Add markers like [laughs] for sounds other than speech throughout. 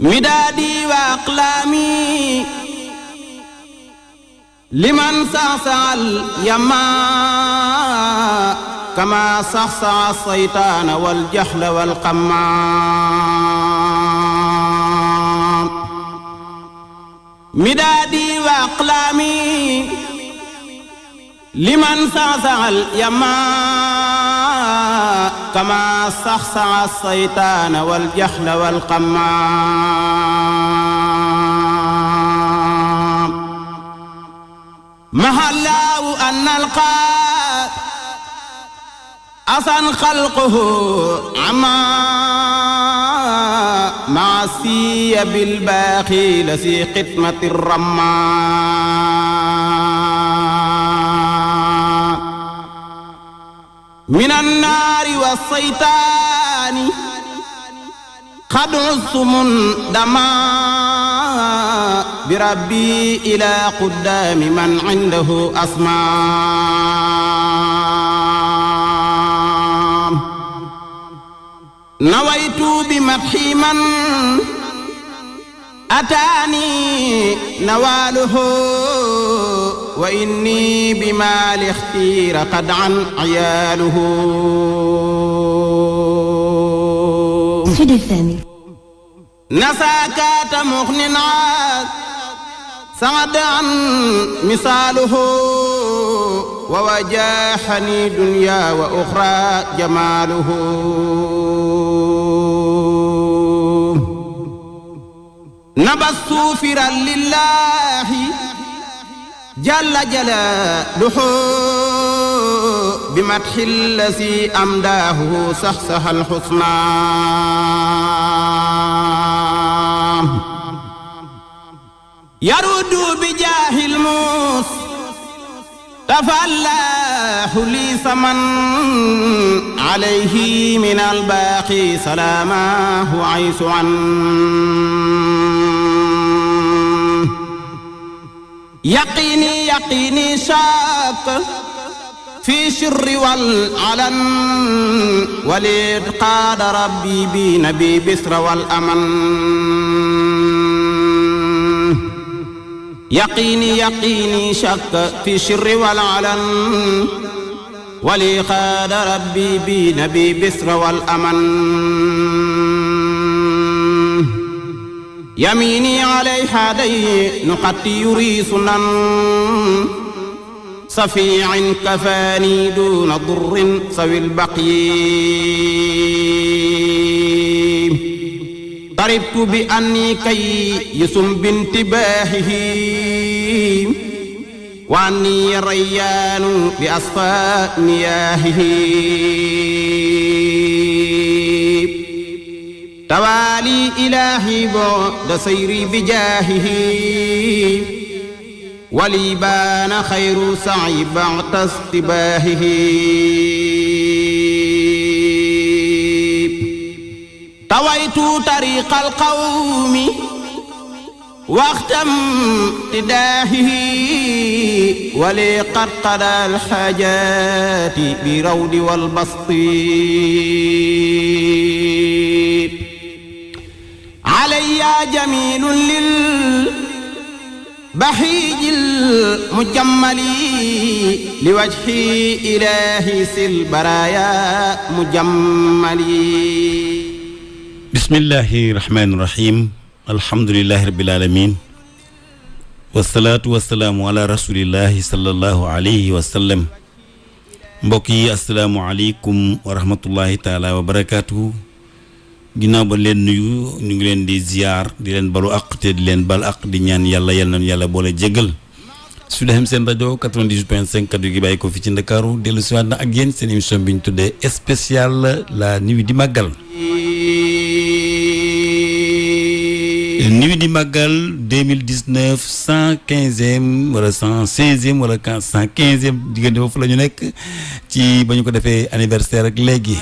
midaadi wa aqlaami liman saxsaxal yama kama saxsaxa saytaana wal jaxla wal qammaam midaadi wa aqlaami liman saxsaxal yama kama saxsaxa saytaana wal jaxla wal xamaam maxallaawu annal qaad asan xalquhu ama maasiya bilbaaxi la si xidmati ramaa من النار والشيطان قد عصم دما بربي إلى قدام من عنده أسمام نويت بمدحي من أتاني نواله wa inni bi ma lixtiira qad an ciyaaluhu Sud FM nasaakaata muxnin samad an misaaluhu wa wajaxani dunya wa uxra jamaaluhu nabastu firan lillahi jalla jalaaluhu bi matxi lasi amdaahu saxsaxal xusnaam yarudu bi jaahil muus tafallaahu li saman alayhi min albaqi salaamahu aysu an يقيني يقيني شاق في شر والعلن وليد قاد ربي بنبي بسر والأمن يقيني يقيني شك في شر والعلن ولي قاد ربي بنبي بسر والأمن يميني علي حدي نقد يري سنن صفيع كفاني دون ضر سوي البقي ضربت بأني كيس بانتباهه وأني ريان بأصفى مياهه توالي إلهي بعد سيري بجاهه ولي بان خير سعي بعد استباهه طويت طريق القوم واختم اقتداهه ولي قد قضى الحاجات برود والبسط علي جميل للبهيج المجمل لوجه إلهي سل برايا مجمل بسم الله الرحمن الرحيم الحمد لله رب العالمين والصلاة والسلام على رسول الله صلى الله عليه وسلم mbokk yi asalaamaaleykum wa rahmatullahi taala wa barakaatu ginnaaw ba leen nuyu ñu ngi leen di ziar di leen balu àq te di leen bal ak di ñaan yàlla yal nañu yàlla boole jéggal Sud FM seen rajo 98.5 kaddu gi bàyyi ko fi ci Ndakaaru dellu siwaat na ak yéen seen émission bi ñu tuddee spécial la nuit di màggal nuit di màggal deux mille dix neuf cent quinzième wala cent seizième wala cent quinzième diggante foofu la ñu nekk ci ba ñu ko defee anniversaire ak léegi.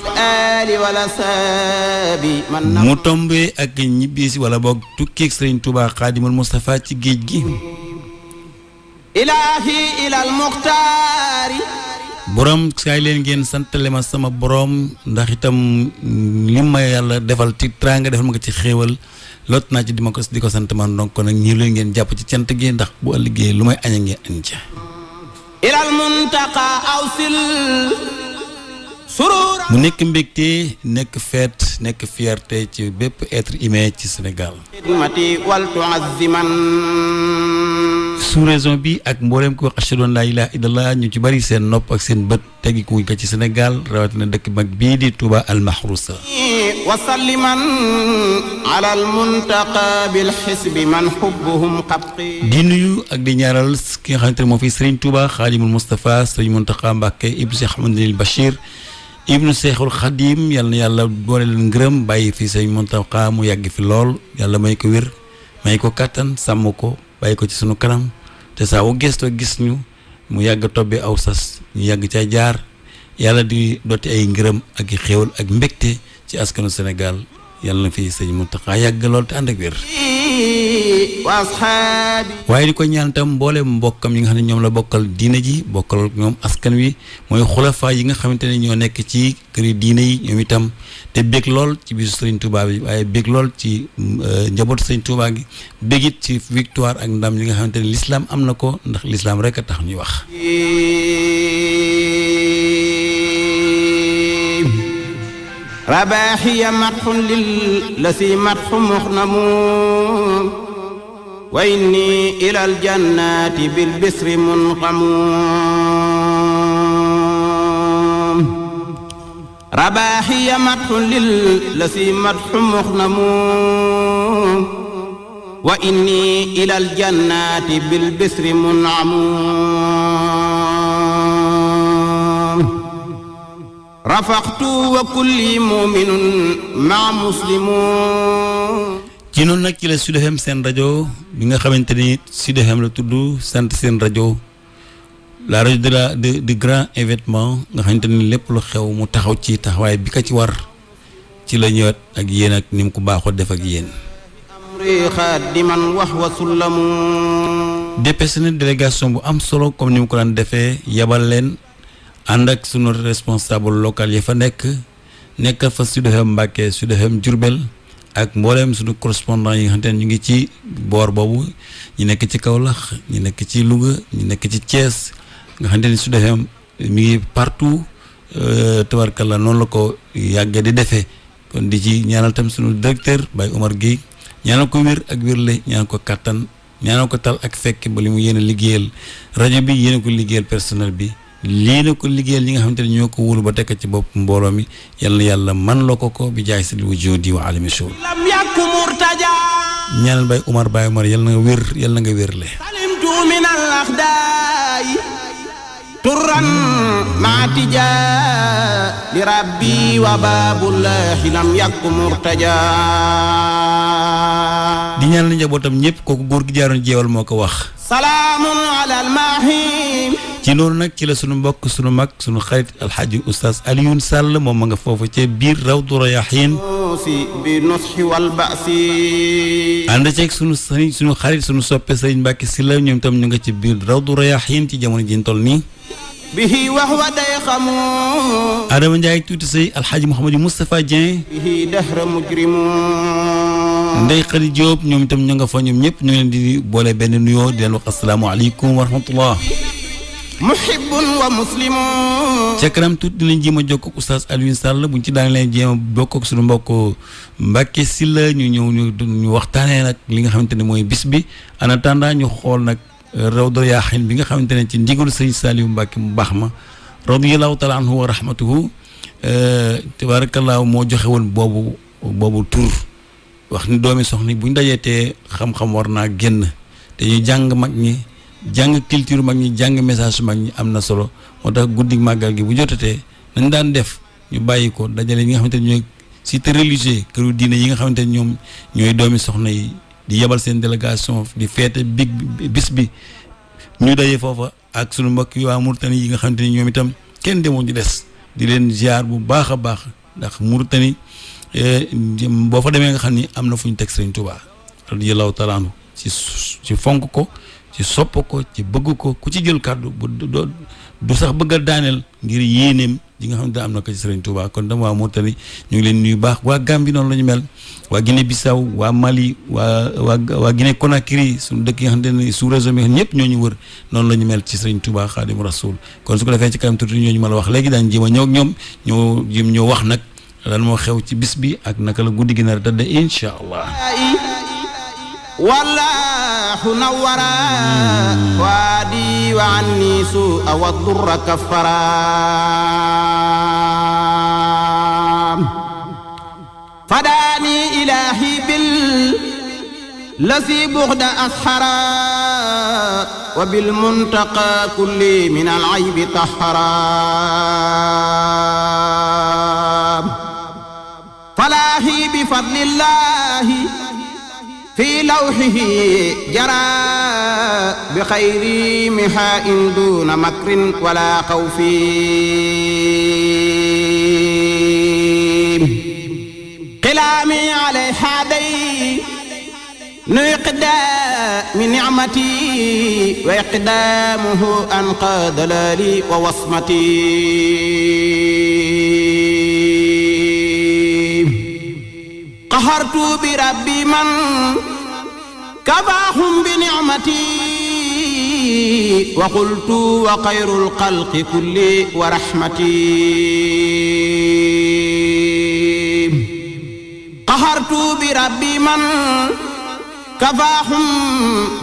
mu tombé ak ñibbisi wala boog tukki Serigne Touba Xaadimul Moustapha ci géej gi. ilaahi ilal muxtaari. borom kaay leen ngeen santale ma sama borom ndax itam li ma yàlla defal ci teraanga defal ma nga ci xéewal. lot naa ci di ko di sant man donc nag ñii leen ngeen jàpp ci cant gi ndax bu ëllëgee lu may aña ngeen añ ca ilal muntaqa awsil surura mu nekk mbégte nekk fête nekk fierté ci bépp être humain ci Sénégal. sous raison bi ak mboolem ko ashhadu laa ilaaha illallah ñu ci bari seen nopp ak seen bët tegi ko wuñ ko ci Sénégal rawatina dëkk mag bii di Touba al Mahrousa wasalliman ala al muntaqa bil xisbi man xubbuhum xabqi di nuyu ak di ñaaral ki nga xamante ne moo fi Serigne Touba Xaadimul Moustapha Serigne Muntaqa Mbàkke ibnu Cheikh Ahmadul Bachir ibnu Cheikhul Xadim yal na yàlla boole leen bàyyi fi Serigne Muntaqa mu yàgg fi lool yàlla may ko wér may ko kattan sàmm ko bàyyi ko ci suñu kanam te saa wu gis ñu mu yàgg tobbi aw sas ñu yàgg ca jaar yàlla di dotti ay ngërëm ak i xéewal ak mbégte ci askanu senegal yàlla na fi sëñ Mountakha yàgg lool te ànd ak wér waaye di ko ñaan tam mboole mbokkam yi nga xam ne ñoom la bokkal diina ji bokkal ñoom askan wi mooy xulafaa yi nga xamante ne ñoo nekk ci këri diina yi ñoom itam te lool ci bisu Serigne Touba bi waaye bég lool ci euh, njabootu Serigne Touba gi bég it ci victoire ak ndam li nga xamante ne l'islam am na ko ndax l'islam rek a tax ñuy wax. rabaaxiya matxun lil la si wa inni ilal jannaati bil bisri munqamu rabaaxiya matxu lil la si matxu muxnamu wa inni ilal jannaati bil bisri munamu rafaxtu wa kulli muminun maa muslimu ci noonu nag ci la Sud FM seen rajo bi nga xamante ni Sud FM la tudd sant seen rajo la rajo de la de de grand événement nga xamante ni lépp lu xew mu taxaw ci taxawaay bi ka ci war ci la ñëwaat ak yéen ak ni mu ko baaxoo def ak yéen. dépêché na délégation bu am solo comme ni mu ko daan defee yebal leen ànd ak sunu responsable local yi fa nekk nekkal fa Sud FM Mbàkke Sud FM Jurbel ak mbooleem sunu correspondant yi nga xamante ne ñu ngi ci boor boobu ñu nekk ci Kaolack ñu nekk ci Louga ñu nekk ci Thiès. nga xamante ni su defee mi ngi partout euh, la noonu la ko yàggee di defee kon di ci ñaanal tam suñu directeur Baye Omar Guèye ñaanal ko wér ak wérle ñaanal ko kattan ñaanal ko tal ak fekk ba li mu yéene liggéeyal rajo bi yéene ko liggéeyal personnel bi lii na ko liggéeyal ñi nga xamante ne ñoo ko wóolu ba tekk ci bopp mbooloo mi yàlla yàlla man la ko ko bi jaay si di wa alami suul ñaanal Baye Omar Baye Omar yàlla na nga wér yàlla turan maatija li rabbi wa baabullahi lam yakku murtaja di ñaan la njabootam ñëpp kooku góor gi jaaroon jeewal moo ko wax salaamun alal maahi ci noonu nag ci la sunu mbokk sunu mag sunu xarit alxaaji oustaz Alioune Sall moom ma nga foofu ca biir rawdu rayaxiin bi nushi wal basi ànd ceeg sunu sëriñ sunu xarit sunu soppe sëriñ Mbàkke ñoom tam ñu nga ci biir rawdu rayaxiin ci jamono ji ñu bihi wax wa day xamoo. Adama Ndiaye tuuti sëy Alxaaji Mouhamadou Moustapha Dieng. bihi dahra mujrimu. Ndeye ñoom itam ña nga fa ñoom ñëpp ñu ngi leen di boole benn nuyoo di leen wax asalaamaaleykum wa rahmatullah. muhibbun wa muslimun. ca kanam tuuti dinañ jéem a jokk ak oustaz Alioune Sall buñ ci daan leen jéem suñu mbokk Mbacke Sylla ñu ñëw ñu waxtaanee nag li nga xamante ne mooy bis bi en attendant ñu xool nag. rawdu yaaxin bi nga xamante ne ci ndigalu sëriñ Saliou Mbacke mu baax ma radiyallahu taala anhu wa rahmatuhu eh, tabaarakallaahu moo joxe woon boobu boobu tur wax ni doomi soxna buñ dajeetee xam-xam war naa génn te ñu jàng mag ñi jàng culture mag ñi jàng message mag ñi am na solo moo tax guddi màggal gi bu jotatee nañ daan def ñu bàyyi ko dajale ñi nga xamante ne ñooy cité religieux këru diine yi nga xamante ne ñoom ñooy doomi soxna yi di yebal seen délégation di feete big bis bi ñu day foofa ak suñu mbokk yi waa Mauritanie yi nga xamante ni ñoom itam kenn demoo ñu des di leen ziar bu baax a baax ndax Mauritanie eh, boo fa demee nga xam ni am na fu ñu teg Sëriñ Tuubaa radiyallaahu taala ci fonk ko ci sopp ko ci bëgg ko ku ci jël kàddu bu du sax bëgg daaneel ngir yéeneem li nga xam ne am na ko ci Serigne Touba kon dama waa Mauritanie ñu ngi leen nuyu baax waa Gambie noonu la ñu mel waa Guinée Bissau waa Mali waa waa waa Guinée dëkk nga xam ne sous région bi ñëpp ñoo ñu wër noonu la ñu mel ci Serigne Touba Xaadimu Rasuul kon su ko defee ci kanam tuuti ñooñu ma la wax léegi daan jéem a ñëw ñoom ñoo jéem ñoo wax nag lan moo xew ci bis bi ak naka la guddi gi nar a tëdd incha allah. wallaahu nawara waadi wa annisu awa durra kafara fadaani ilaahi bil lasi buxda asxara wa bil muntaqa kulli min al aybi taxara falaahi bi fadlillaahi fi lawxihi jara bi xayri mihaa in duuna makrin wala xawfi xilaami alayha day nuy qidaami nicmati wa iqdaamuhu anqa dalaali wa wasmati qahartu bi rabbi man kafaahum bi nicmati وقلت وخير الخلق كل ورحمتي فخرت بربي من كفاهم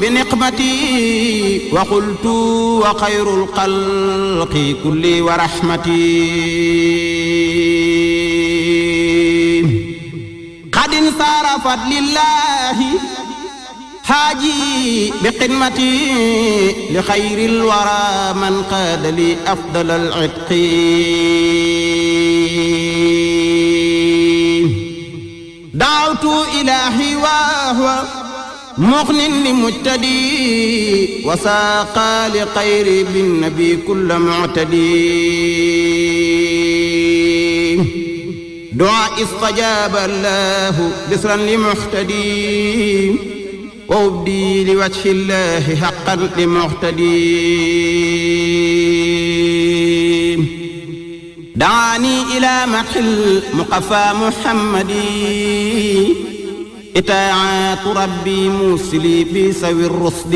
بنقمتي وقلت وخير الخلق كلي ورحمتي قد انصرفت لله حاجي بقمتي لخير الورى من قاد لي أفضل العتق دعوت إلهي وهو مغن لمجتدي وساق لقير بالنبي كل معتدي دعاء استجاب الله بسرا لمحتدي وأبدي لوجه الله حقا لمعتدي دعاني إلى مدح المقفى محمدي إطاعات ربي موسلي بسوي الرصد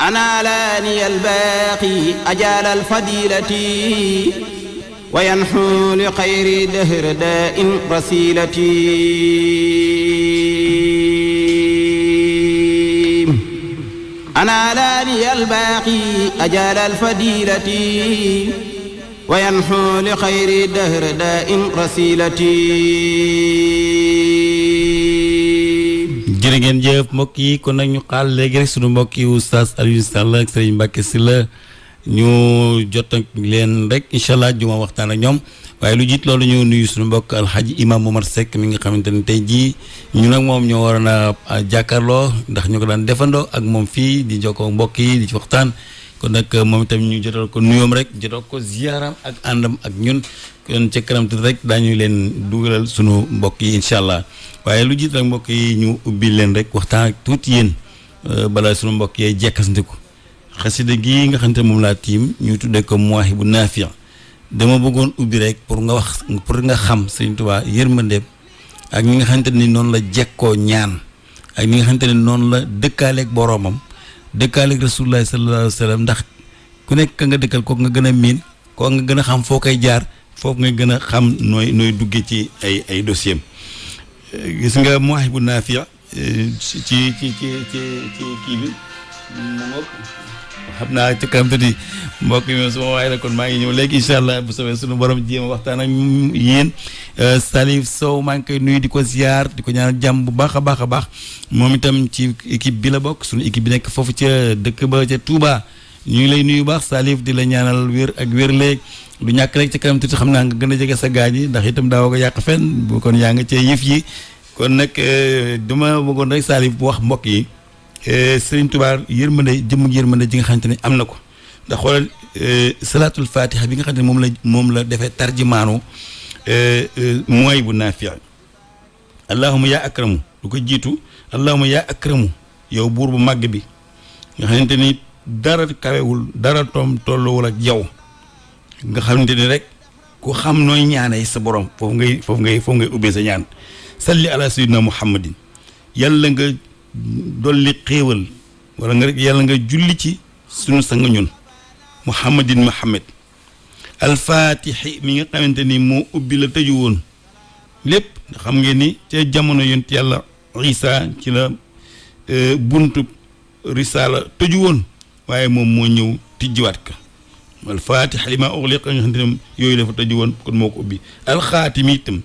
أنا لاني الباقي أجال الفضيلة وينحو لخير دهر داء رسيلتي ونالاني الباقي أجال الفديلة وينحو لخير دهر دائم رسيلتي jërë ngeen jëf mbokk yi kon nag ñu xaal léegi rek suñu mbokk yi oustaz Alioune Sall ak Serigne Mbacke ñu jot ak leen rek incha allah waxtaan ak ñoom waaye lu jiit loolu ñëw nuyu suñu mbokk alxaji moom Momar sekk mi nga xamante ne tey jii ñu nag moom ñoo waroon a jàkkaarloo ndax ñu ko daan defandoo ak moom fii di jokkoo mbokk yi di ci waxtaan kon nag euh, moom itam ñu jotal ko nuyoom rek jotal ko ziyaaram ak àndam ak ñun kon ca kanam tuuti rek daañu leen dugalal sunu mbokk yi incha allah waaye lu jiit rek mbokk yi ñu ubbi leen rek waxtaan ak tuuti yéen euh, balaa sunu mbokk yee jekkasandiku xasida gi nga xamante moom laa tiim ñu tuddee ko Mawaahibu Naafi' dama bëggoon ubbi rek pour nga wax pour nga xam sëñ Tuubaa yërmandeem ak ñi nga xamante ni noonu la jekkoo ñaan ak ñi nga xamante ne noonu la dëkkaaleek boroomam dëkkaaleeg rasulullaahi sallallaahu alayhi wa ndax ku nekk nga dëkkal kook nga gën a miin kooku nga gën a xam foo koy jaar foofu nga gën a xam nooy nooy duggee ci ay ay dossier gis nga Mawaahibu Naafi' ci ci ci ci ci kii bi xam naa ca kanam tuuti mbokk yi moom su ma waay kon maa ngi ñëw léegi incha allah bu soobee suñu borom jéem waxtaan ak yéen euh, Salif Sow maa ngi koy nuyu di ko ziar di ko ñaanal jàmm bu baax a baax a baax moom itam ci équipe bi la bokk suñu équipe bi nekk foofu ca dëkk ba ca Touba ñu ngi lay nuyu baax Salif di la ñaanal wér ak wér léeg du ñàkk rek ci kanam tuuti xam naa nga gën a jege sa gaañ yi ndax itam daawoo ko yàq fenn kon yaa nga cee yëf yi kon nag euh, duma bëggoon rek Salif bu wax mbokk yi. Eh, Serigne Touba yërmande jëmm yërmande ji nga xamante ne am na ko ndax xoolal eh, salaatul fatiha bi nga xam ne moom la moom la defee tarjimaanu eh, mooy bu naafiya allahuma yaa akramu lu ko jiitu allahuma yaa akramu yow buur bu màgg bi nga xamante ni dara kawewul dara toom tolluwul ak jaw nga xamante ni rek ku xam nooy ñaanay sa borom foofu ngay foofu ngay foofu ngay ubbee sa ñaan salli ala sayyidina muhammadin yàlla nga dolli xéewal wala nga yàlla nga julli ci sunu sang ñun muhammadin muhammad alfaatixi mi nga xamante ni moo ubbi la tëju woon lépp nga xam ngeen ni ca jamono yonent yàlla isa ci la e, buntu risaala tëju woon waaye moom moo ñëw tijjiwaat ka alfaatix li ma uxliq nga yooyu dafa tëju woon kon moo ko ubbi alxaatimi itam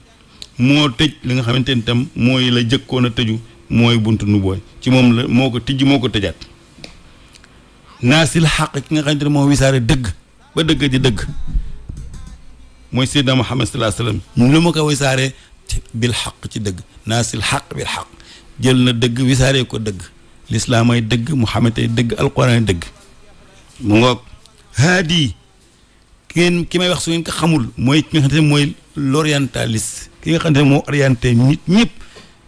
moo tëj li nga xamante ni tam mooy la jëkkoon a tëju mooy bunt nu booy ci moom la moo ko tijj moo ko tëjaat naasil xaq ki nga xamante ne moo wisaare dëgg ba dëgg di dëgg mooy Seydina Muhammad salaa salaam lu ma ko wisaaree bil xaq ci dëgg naasil xaq bil xaq jël na dëgg wisaaree ko dëgg lislaam ay dëgg Muhammad ay dëgg alquran ay dëgg mu ngoog haadi ki ngeen ki may wax su ngeen ko xamul mooy ki nga xamante ne mooy l'orientaliste ki nga xam ne moo orienté nit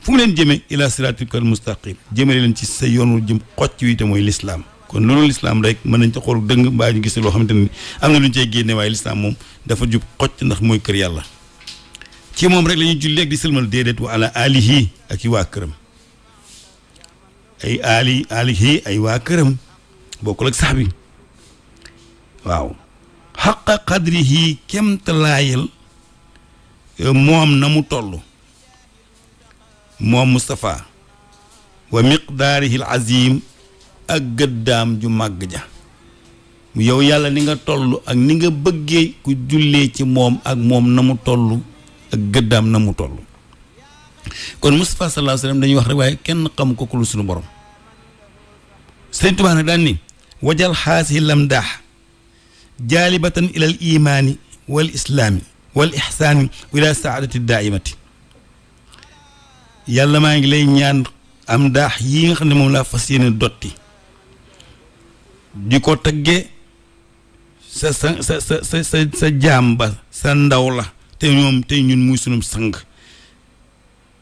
fu mu leen jëmee ila siratikal mustaqim jëmale leen ci sa yoonu jëm xocc wi te mooy lislaam kon loolu lislaam rek mën nañ ca xool dëng mbaa ñu gis loo xamante ne am na lu ñu cay génne waaye lislaam moom dafa jub xocc ndax mooy kër yàlla ci moom rek lañuy ñuy julleeg di sëlmal déedéet wa ala alihi ak i waa këram ay ali alihi ay waa këram bokkul ak sax bi waaw xaqa qadrihi kem talaayal moom na mu toll moom Moustapha wa miqdaarihil azim ak gëddaam ju màgg ja yow yàlla ni nga toll ak ni nga bëggee ku jullee ci moom ak moom na mu toll ak gëddaam na mu toll kon Moustapha sallallahu alayhi wasallam dañuy wax rek waaye kenn xam ko ku sunu borom sëñ Tuubaa nag daan ni wajal xaasi lamdaax jaalibatan ilal imaani wal islaami wal ixsaani ila saadati daaimati yàlla maa ngi lay ñaan am ndax yii nga xam ne moom laa fas yéene dotti di ko tagge sa sa sa sa sa sa jaam ba sa ndaw la te ñoom te ñun muy sunu sang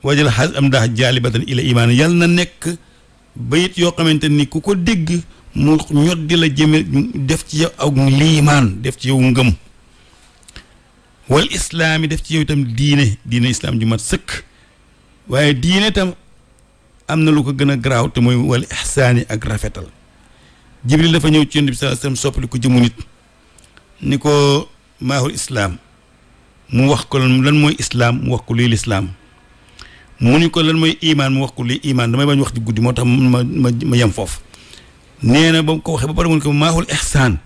wajal xas am daax jaalibatan ila imaan yàlla na nekk bayit yoo xamante ni ku ko dégg mu ñot di la jëme def ci yow ak liimaan def ci yow ngëm wal islaam def ci yow itam diine diine islaam ju sëkk waaye diine tam am na lu ko gën a garaaw te mooy wal ihsaani ak rafetal jibril dafa ñëw ci yonent bi sallallahu alayhi wasallam soppali ko jëmu nit ni ko maahul islaam mu wax ko lan mooy islaam mu wax ko lii lislaam mu ni ko lan mooy imaan mu wax ko lii imaan damay bañ wax di guddi moo tax ma ma yam foofu nee na ba mu ko waxee ba pare mu ne ko maahul ihsaan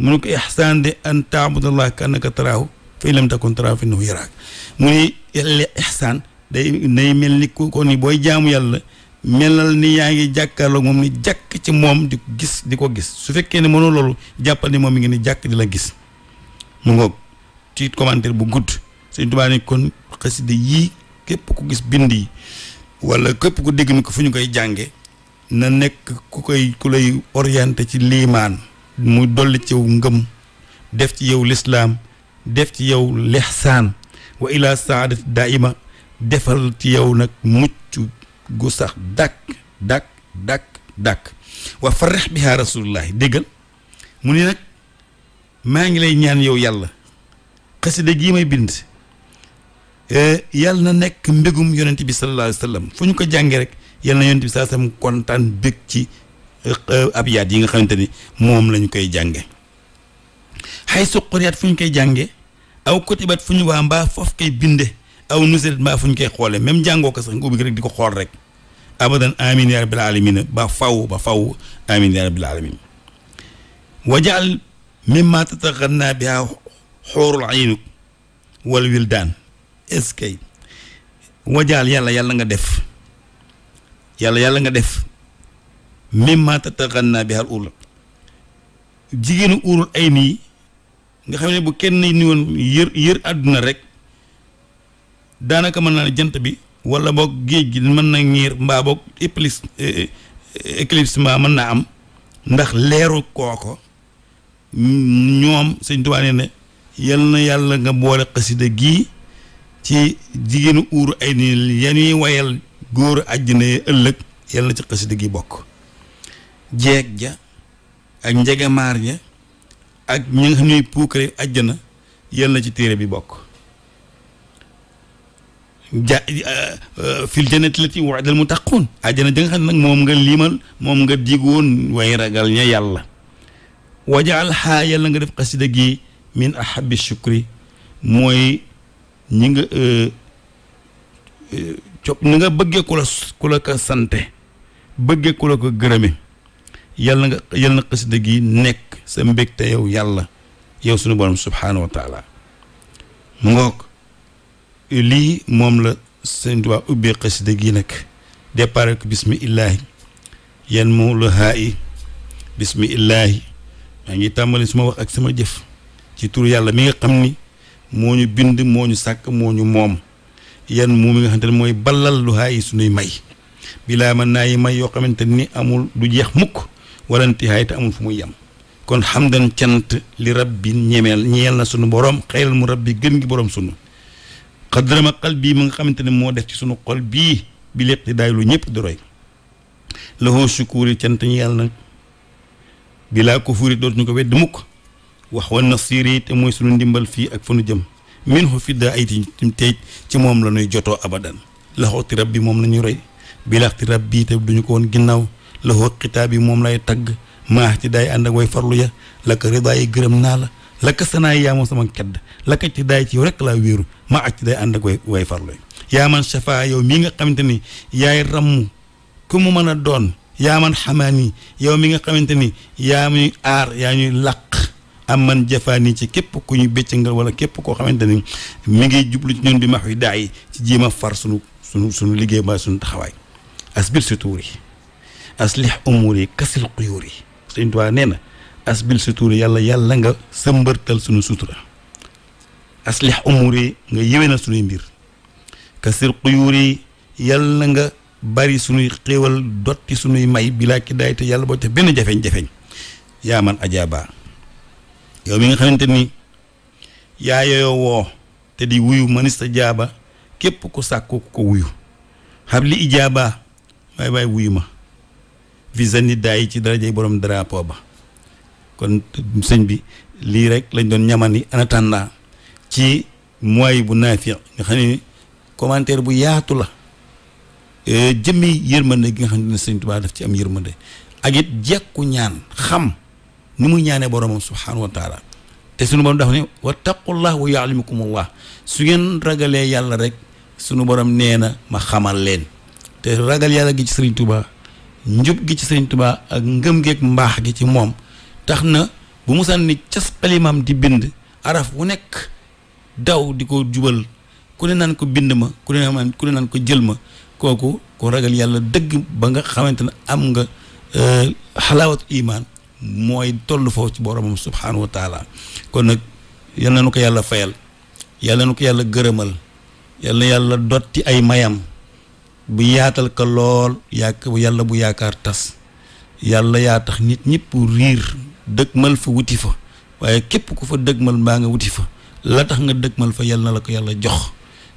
mu ne ko ihsaan de an taabudallah ka annaka taraahu fa in lam takun taraahu fa innahu yaraak mu ni ihsaan day day mel ni ku ko ni booy jaamu yàlla melal ni yaa ngi jàkkaarloo moom ni jàkk ci moom di gis di ko gis su fekkee ne mënuloolu loolu jàppal ni moom mi ngi ni jàkk di la gis mu ngoog ci commentaire bu gudd Sëñ kon xasida yii képp gis bind yi wala képp ku dégg ko fu koy jànge na nekk ku koy ku lay orienté ci liimaan mu dolli ci yow ngëm def ci yow lislaam def ci yow lexsaan wa ila saadati daaima defal ci yow nag mucc gu sax dàkk dàkk dàkk dàkk wa farrex biha rasulullahi déggal mu ni nag maa ngi lay ñaan yow yàlla xasida gii may bind e, yàlla na nekk mbégum yonent bi sallallahu alayhi wa sallam ko jàngee rek yàlla na yonent bi kontaan bég ci e, e, abyaat yi nga xamante ni moom lañu koy jànge xay suquriyaat fu ñu koy jànge aw kotibaat fu ñu waa mbaa foofu koy binde aw nusret mbaa fu ñu koy xoole même jàngoo ko sax nga ubbi rek di ko xool rek abadan amin ya rabbil alamin ba faw ba faw amin ya rabbil alamin wajaal mimma tataxanna biha xoorul aynu wal yàlla yàlla nga def yàlla yàlla nga def mimma tataxanna biha ul jigéenu urul ay nii nga xam ne bu kenn ni woon yër yër àdduna rek daanaka mën na ne jant bi wala boog géej gi mën na ñiir mbaa boog éclipse éclipse mbaa mën naa am ndax leeru kooko ñoom sëñ Tuubaa nee ne yal na yàlla nga boole xasida gi ci jigéenu uur ay ya yanuy wayal góor àjjana ëllëg yal na ci xasida gi bokk jeeg ja ak njegemaar ja ak ñi nga xam ñooy puukare àjjana yal na ci téere bi bokk ja eh, eh, fil jannati lati wa'ada al muttaqun àjjana ja nga xam ne nag moom nga limal moom nga woon way ragal ña yàlla wajaal xaa yàlla nga def xasida gi min ahabi shukri mooy ñi nga eh, cop ni nga bëggee ku la ko sante bëggee ku la ko gërëme yàlla nga yàlla na xasida gi nekk sa mbégte yow yàlla yow sunu borom subhaanahu wa taala lii moom la sëñ Tuubaa ubbee xasida gi nag départ ko bismi illaahi yan mu la haa i bismi maa ngi tàmbali suma wax ak sama jëf ci tur yàlla mi nga xam ni moo ñu bind moo ñu sàkk moo ñu moom yan mu mi nga xamante ne mooy balal lu haa yi suñuy may bilaa ma naa yi may yoo xamante ni amul du jeex mukk wala intihaay te amul fu muy yem kon xam dan cant li rab rabbi ñemeel ñeel na sunu boroom xëyal mu rabbi gën gi boroom sunu a xal bii mu nga xamante ne moo def ci sunu xol bii bi lépp daay lu ñëpp di roy lahoo sukuri cant ñu yàlla nag bilaa ko fuuri dootuñu ko wedd mukk wax wa nasiir yi te mooy sunu ndimbal fii ak fa nu jëm min hu fidda ay tey ci moom la ñuy jotoo abadan laxooti bi moom la ñuy roy bilaxti ginnaaw laxoo xitaab yi moom lay tagg maax ci daay ànd ak way farlu ya la ko ridaa yi gërëm naa la lakka sanaa yaa moom sama kedd lakka ci daay ci yow rek laa wéeru ma ac ci day ànd ak way way farloy yaa yow mii nga xamante ni yaay ramm ku mu mën a doon yaa man xamaani yow mi nga xamante ni yaa ñuy aar yaa ñuy làq am man jafaa ci képp ku ñu béccangal wala képp koo xamante ni mi ngi jublu ci ñun bi max yu daay ci jéem a far sunu sunu sunu liggéey ba sunu taxawaay asbir sutuuri aslih umuuri kasil xuyuuri sëñ Tuubaa asbil sutura yàlla yàlla nga sëmbërtal sunu sutura aslix umuri nga yéwénal sunuy mbir kasir xuyuuri yàlla nga bari sunuy xéewal dotti sunuy may bilaa ki daay te yàlla boo ca benn jafeñ-jafeñ yaa man ajaaba yow mi nga xamante ni yaa woo te di wuyu manis sa jaaba képp ku sàkku ko wuyu xab li ijaaba waay waay wuyu ma visani daay ci darajey borom drapeau ba kon sëñ bi lii rek lañ doon ñamani en attendant ci mooy bu naafiq nga xam ne commentaire bu yaatu la eh, jëmmi yërmande gi nga xam ne sëñ Tuubaa daf ci am yërmande ak it jekku ñaan xam ni muy ñaanee boromam subhaanahu wa taala te sunu borom daf ne wattaqullah wa su ngeen ragalee yàlla rek sunu borom nee na ma xamal leen te ragal yàlla gi ci sëriñ Tuubaa njub gi ci sëriñ Tuubaa ak ngëm gi mbaax gi ci moom tax na bu musaan ni cas palimaam di bind araf wu nekk daw di ko jubal ku ne naan ko bind ma ku ne naan ku ne ko jël ma kooku ko ragal yàlla dëgg ba nga xamante ne am nga euh, xalaawatu imaan mooy toll foofu ci boromam subhaanahu wa taala kon nag yal na nu ko yàlla fayal yal nu ko yàlla gërëmal yal na yàlla dotti ay mayam bu yaatal ko lool yaak yàlla bu yaakaar tas yàlla yaa tax nit ñëpp riir dëgg dëgmal fa wuti fa waaye képp ku fa dëgg dëgmal mbaa nga wuti fa la tax nga dëgg mal fa yàlla na la ko yàlla jox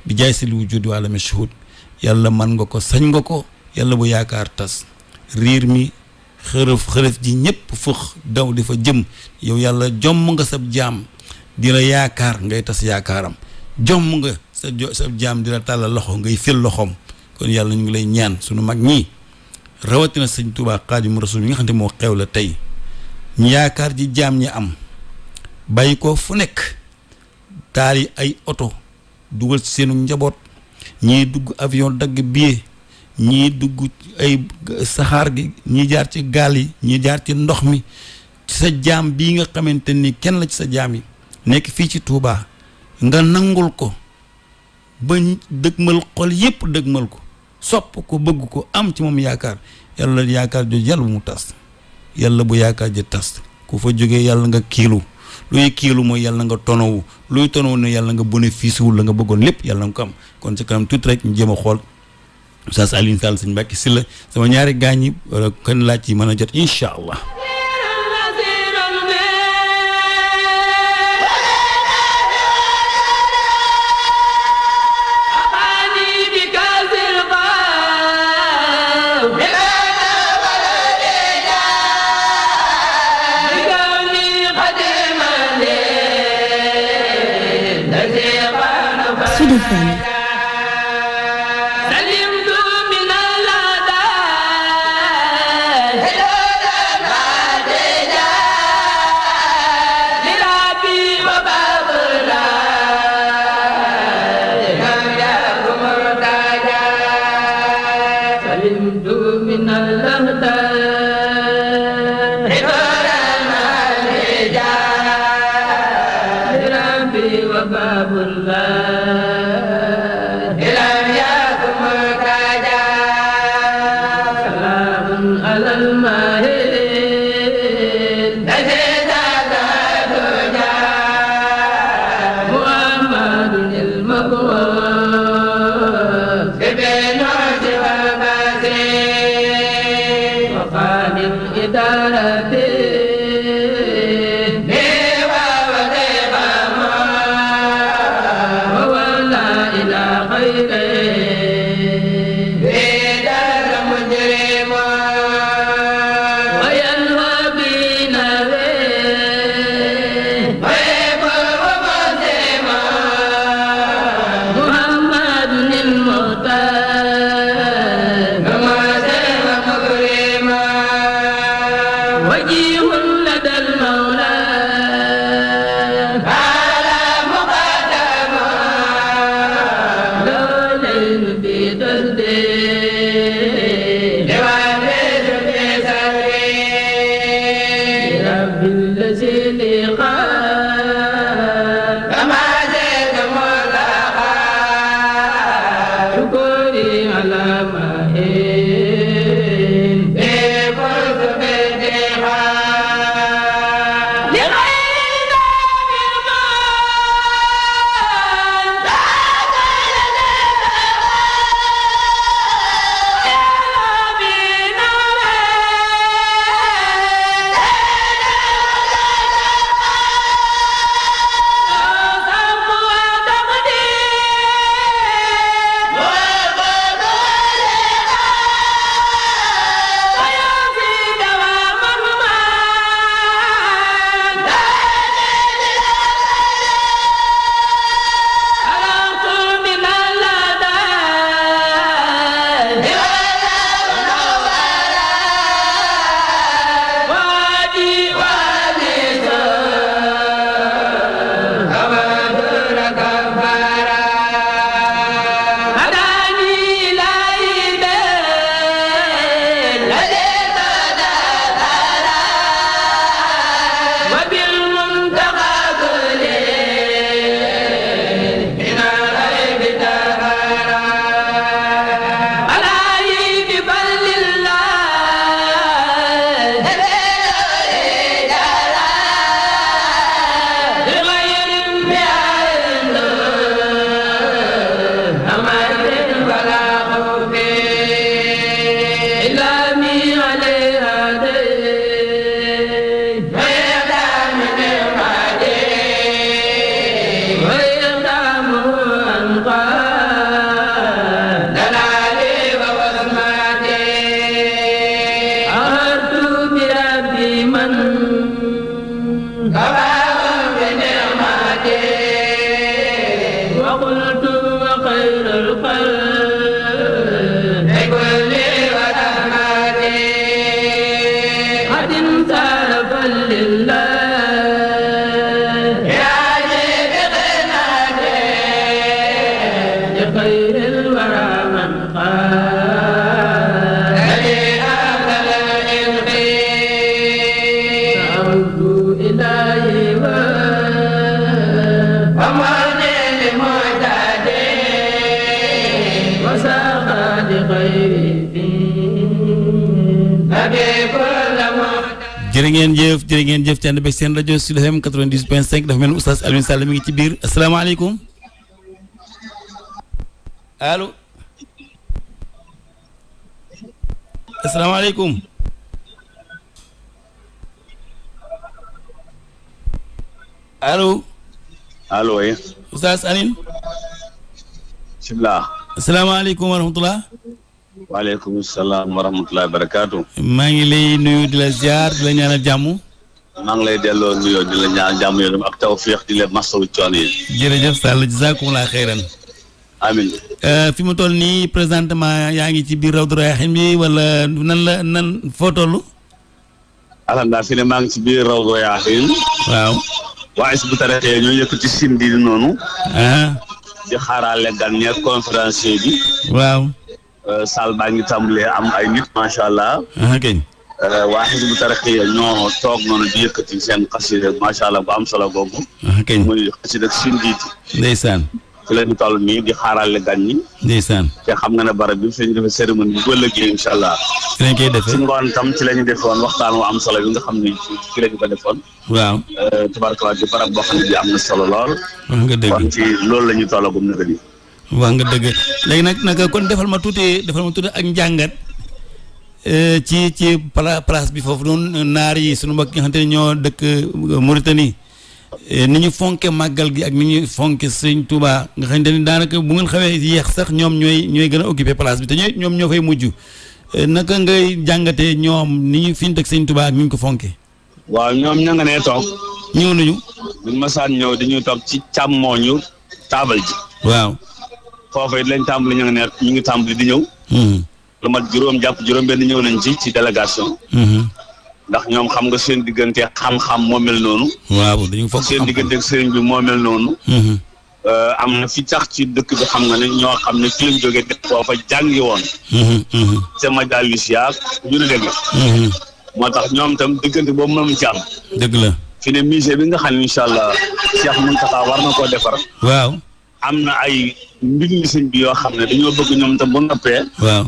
bi jaay si li wujud wa alami shuhud yàlla man nga ko sañ nga ko yàlla yaakaar tas riir mi xërëf ji ñëpp daw di fa jëm yow yàlla jomm nga sab jaam di la yaakaar ngay tas yaakaaram jomm nga sa sab jaam di la tàllal loxo ngay fël loxoom kon yàlla ñu ngi lay ñaan sunu mag ñii rawatina sëñ Tuubaa Xaadimu Rasuul yi nga xam ne moo xew la tey yaakaar ji jaam ñi am bàyyi ko fu nekk taal yi ay oto dugal ci seenu njaboot ñuy dugg avion dagg billet ñii dugg ay saxaar gi ñii jaar ci gaal yi ñii jaar ci ndox mi ci sa jaam bi nga xamante ni kenn la ci sa jaam yi nekk fii ci tuubaa nga nangul ko ba dëgmal xol yépp dëgmal ko sopp ko bëgg ko am ci moom yaakaar yàlla yaakaar jooju yàlla bu mu tas yàlla bu yaakaar ji tas ku fa jógee yàlla nga kiilu luy kiilu mooy yàlla nga tonowu luy tonowu ne yàlla nga bénéfice wul la nga bëggoon lépp yàlla nga ko am kon ci kanam tuuti rek ñu jéem a xool Oustaz Alioune Sall sëñ Mbàkke si la sama ñaari gaañ yi kenn laaj yi mën a jot incha allah ngeen jëf jërë ngeen jëf ci ànd beeg seen rajo Sud FM 98.5 dafa mel ni oustaz Alioune Sall mi ngi ci biir asalaamaaleykum allo asalaamaaleykum allo. allo. oustaz Alioune. bisimilah. asalaamaaleykum waaleykum salaam wa rahmatulah barakaatu. maa ngi lay nuyu di la ziar di la ñaanal jàmm. maa ngi lay delloo nuyoo di la ñaanal jàmm yow ak tawfiix di la masawu coono yi. jërëjëf Sall jazaakumullaahu xayran. amiin. Euh, fi mu toll nii présentement yaa ngi ci biir Rawdu Rayaahiin bi wala la nan foo toll. maa ngi ci biir Rawdu Rayaahiin. waaw. waa is bu tarixee ñoo yëkkati sin di noonu. Ah. di xaaraale gan ñeer conférencier bi. waaw. Euh, saal baa ngi tàmbulee am ay nit macha allah. gëñ. Ah, euh, waa xisbu tarqiya ñoo toog noonu di yëkkati seen xasida macha allah bu am solo googu. gëñ ah, muy xasida suñu jiiti. ndeysaan. fi leen tol nii di xaarale gan ñi. ndeysaan. te xam nga ne barab bi suñu defee cérémonie bu ëllëgee incha allah. ci lañ koy ci ngoon tam ci la ñu defoon waxtaan wu am solo bi nga xam ne ci la ñu ko defoon. waaw. Euh, tubaarkalla di barab boo xam ne bi am na solo lool. nga dëgg kon loolu la ñuy tollagum nag waa nga dëgg léegi nag nag kon defal ma tuuti defal ma tuuti ak njàngat euh, ci ci place bi foofu noonu naar yi suñu mbokk nga xamante ne ñoo dëkk euh, Mauritanie euh, ni ñu fonke màggal gi ak ni ñu fonke sëñ tubaa nga xam xamante ni daanaka bu ngeen xawee yéex sax ñoom ñooy ñooy gën a occupé bi te ñoom ñoo fay mujj naka ngay jàngatee ñoom ni ñu fi ñu dëkk sëñ Touba ak ni ko fonke waaw ñoom ña nga toog. ñëw nañu. buñ ñëw dañuy toog ci càmmooñu taabal ji. waaw. foofa it lañ tàmbali ñu ngi ne di ñëw. Hmm. lu mat juróom jàpp juróom-benn ñëw nañ ci ci délégation. Hmm. ndax ñoom xam nga seen diggante xam-xam moo mel noonu. dañu foog seen diggante ak sëriñ bi moo mel noonu. Hmm. Euh, am na fi sax ci dëkk bi xam nga ne ñoo xam ne fi lañ jógee def foofa jàngi woon. ca majaalis yaag ñu ne dégg moo tax ñoom tam diggante boobu moom ci am. dëgg la fi ne musée bi nga xam ne incha allah Cheikh Mountakha war na koo defar. waaw. am na ay mbir mi bi yoo xam ne dañoo bëgg ñoom tam bu noppee. waaw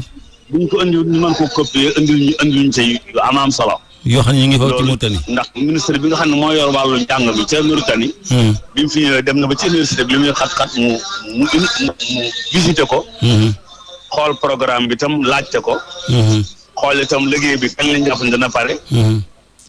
bu buñ ko indi ñu mën ko copier indil ñu indil ñu ca yu am solo. yoo xam ne ñu ngi fa ci Mauritanie ndax ministre bi nga xam ne moo yor wàllu njàng bi ca Mauritanie. Hmm. bi mu fi ñëwee dem na ba ci université bi li muy xat-xat mu mu mu visité ko. Hmm. xool programme bi tam laajte ko. Hmm. xool itam liggéey bi kañ lañ jàpp na pare.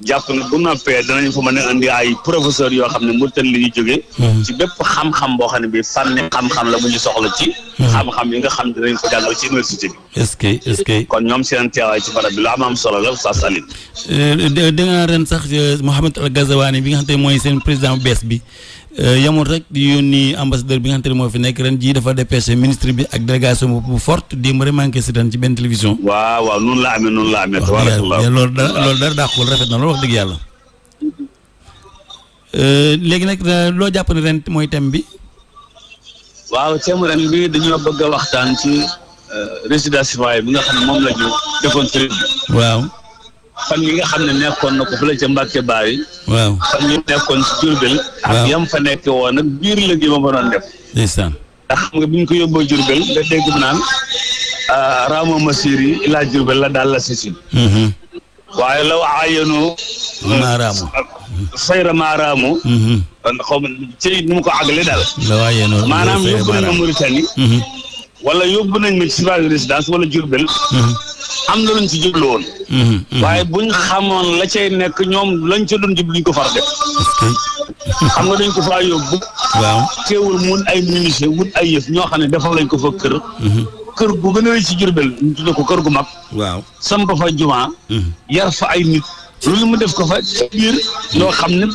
jàpp na bu noppee danañ fa mën a andi ay professeur yoo xam ne Mauritanie la ñu jógee. Hmm. ci bépp xam-xam boo xam ne bii fànn xam-xam la bu ñu soxla ci. Hmm. xam-xam yi nga xam dinañ ko jàngoo ci université bi. est-ce que est kon ñoom seen teewaay ci barab bi lu am am solo la Oustaz Alioune. Euh, dégg naa ren sax euh, Mouhamed Al Ghazawani bi nga xam te mooy seen président bees bi. Euh, yamul rek di yónni ambassadeur bi nga xamante ne moo fi nekk ren jii dafa dépêché ministre bi ak délégation bu forte démb rek maa ngi koy seetaan ci benn télévision. waaw waaw noonu la amee noonu la amee. tabaarakallah loolu dara loolu dara dàqul rafet na loolu wax dëgg yàlla. Euh, léegi nag euh, loo jàpp ne ren mooy thème bi. waaw thème ren bi dañoo bëgg a waxtaan ci résidence bi nga xam moom la ñu defoon waaw. fan yi nga xam ne nekkoon na ko fële ca Mbàkke Baari waaw fan yi nekkoon ci Jurbel ak yam fa nekk woon nag biir léegi ma ko doon def ndeysaan ndax nga bi ñu ko yóbboo Jurbel nga dégg mu naan ah, raama masir yi ilaa Jurbel la daal la sisin mm-hmm. waaye law aayanu maaraamu sayra maaraamu mm-hmm. kon xaw ma ci nu mu ko àggale daal law aayanu maanaam yóbbu na wala yóbbu nañ ma ci village résidence wala Diourbel mm-hmm. am na luñ ci jublu woon mm-hmm. waaye buñ xamoon la cay nekk ñoom lañ ca doon jublu ñu ko far def xam nga dañ ko fa yóbbu waaw teewul mun ay ministre wut ay yëf ñoo xam ne defal lañ ko fa kër mm-hmm. kër gu gën a rëy ci Diourbel ñu tudde ko kër gu mag waaw samp fa jumaa yar fa ay nit loolu ma def ko fa ci biir loo xam ne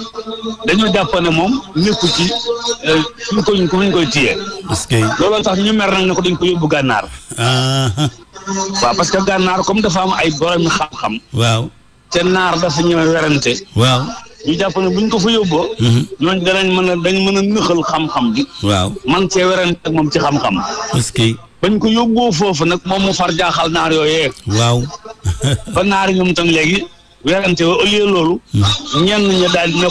dañoo jàpp ne moom nekku ci fu euh, ñu ko fu ñu koy téye. parce que looloo tax ñu mer nag ne ko dañ ko yóbbu gànnaar. Ah. waaw parce que gànnaar comme dafa am ay borom xam-xam. waaw te naar dafa ñëw werante. ñu jàpp bu ñu ko fa yóbboo. Mhm. ñooñu danañ mën dañ mën a nëxal xam-xam waaw man cee werante ak moom ci xam-xam. parce que. bañ ko yóbboo foofu nag moom mu far jaaxal naar yooyee. waaw. ba naar ñoom tam léegi. werante wa ñan lieu loolu. ñenn ña daal di ne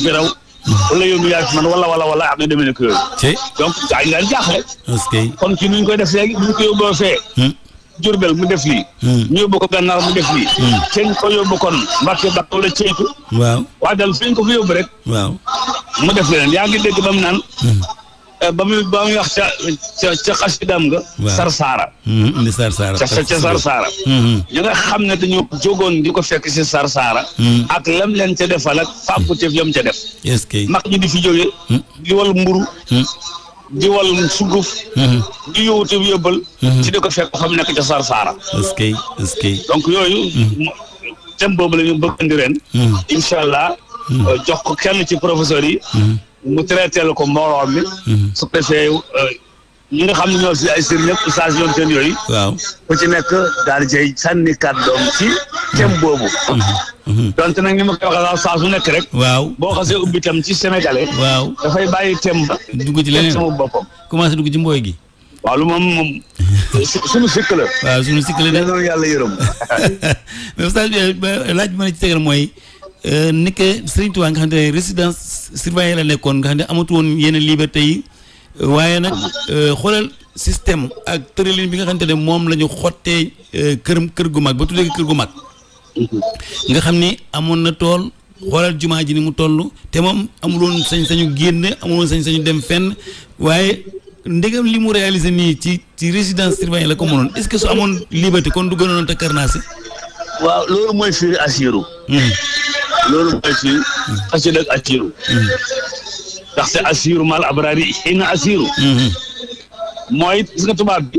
fi raw. wala yow mi fi man wala wala wala ak nga demee nekk yooyu. donc gaa yi daan jaaxle. kon ci nuñ koy def léegi buñ ko yóbboo fee. Hmm. Jurbel mu def lii. Hmm. ñu yóbbu ko Gànnaar mu def lii. Hmm. seen ko yóbbu kon Mbàkke Bàkk wala Ceytu. waaw waaye daal fi ñu ko fi yóbbu rek. mu def leneen yaa ngi dégg ba mu Euh, ba muy ba muy wax ca ca ca xasidam nga. waaw Sarsara. Mm-hmm, ni Sarsara ca Sarsara. Mm-hmm. ñu nga xam ne dañoo jógoon di ko fekk si Sarsara. Mm-hmm. ak lam leen ca defal ak fàkkuteef yam ca def. est-ce que mag ñi di fi jógee. di wal mburu di wal suguf. di yowutu yóbbal. ci di ko fekk xam nekk ca Sarsara. est-ce que est-ce que donc yooyu. thème boobu la ñu bëgg indi ren. allah. Euh, jox kenn ci professeur yi. mu traité la ko mbooloo mi. Mhm. su ko defee euh, ñi nga xam ne ñoo si ay sëriñ ñëpp ustaas ñoom yooyu. waaw ku ci nekk daal di cay sànni kàddoom ci thème mhm. boobu. Mhm. donte nag ni ma koy waxee saa nekk rek. waaw boo xasee ubbi tam ci sénégalais. waaw dafay bàyyi thème ba. dugg ci leneen sama boppam. commencé dugg ci mbooy gi. waaw moom moom [laughs] suñu sikk la. waaw suñu sikk la de. yàlla yërëm. [laughs] mais ustaas bi laaj bi ma la ci tegal mooy. Euh, nekkee Serigne Touba nga xam ne résidence surveillée la nekkoon nga xam ne amatu woon yenn liberté yi euh, waaye nag euh, xoolal système ak tëralin bi nga xam ne moom la ñu xottee kër kër gu mag ba tuddee kër gu mag nga xam ni amoon na tool xoolal jumaa ji ni mu toll te moom amuloon sañ-sañu génn amuloon sañ-sañu dem fenn waaye ndegam li mu réaliser nii ci ci résidence surveillée la ko mënoon est-ce que su amoon liberté kon du gënoon a takkarnaase. waaw loolu mooy firi asiru hmm. loolu mooy si xasida ak asiru ndaxte asiru mal abrari asiru mooy gis tubaab bi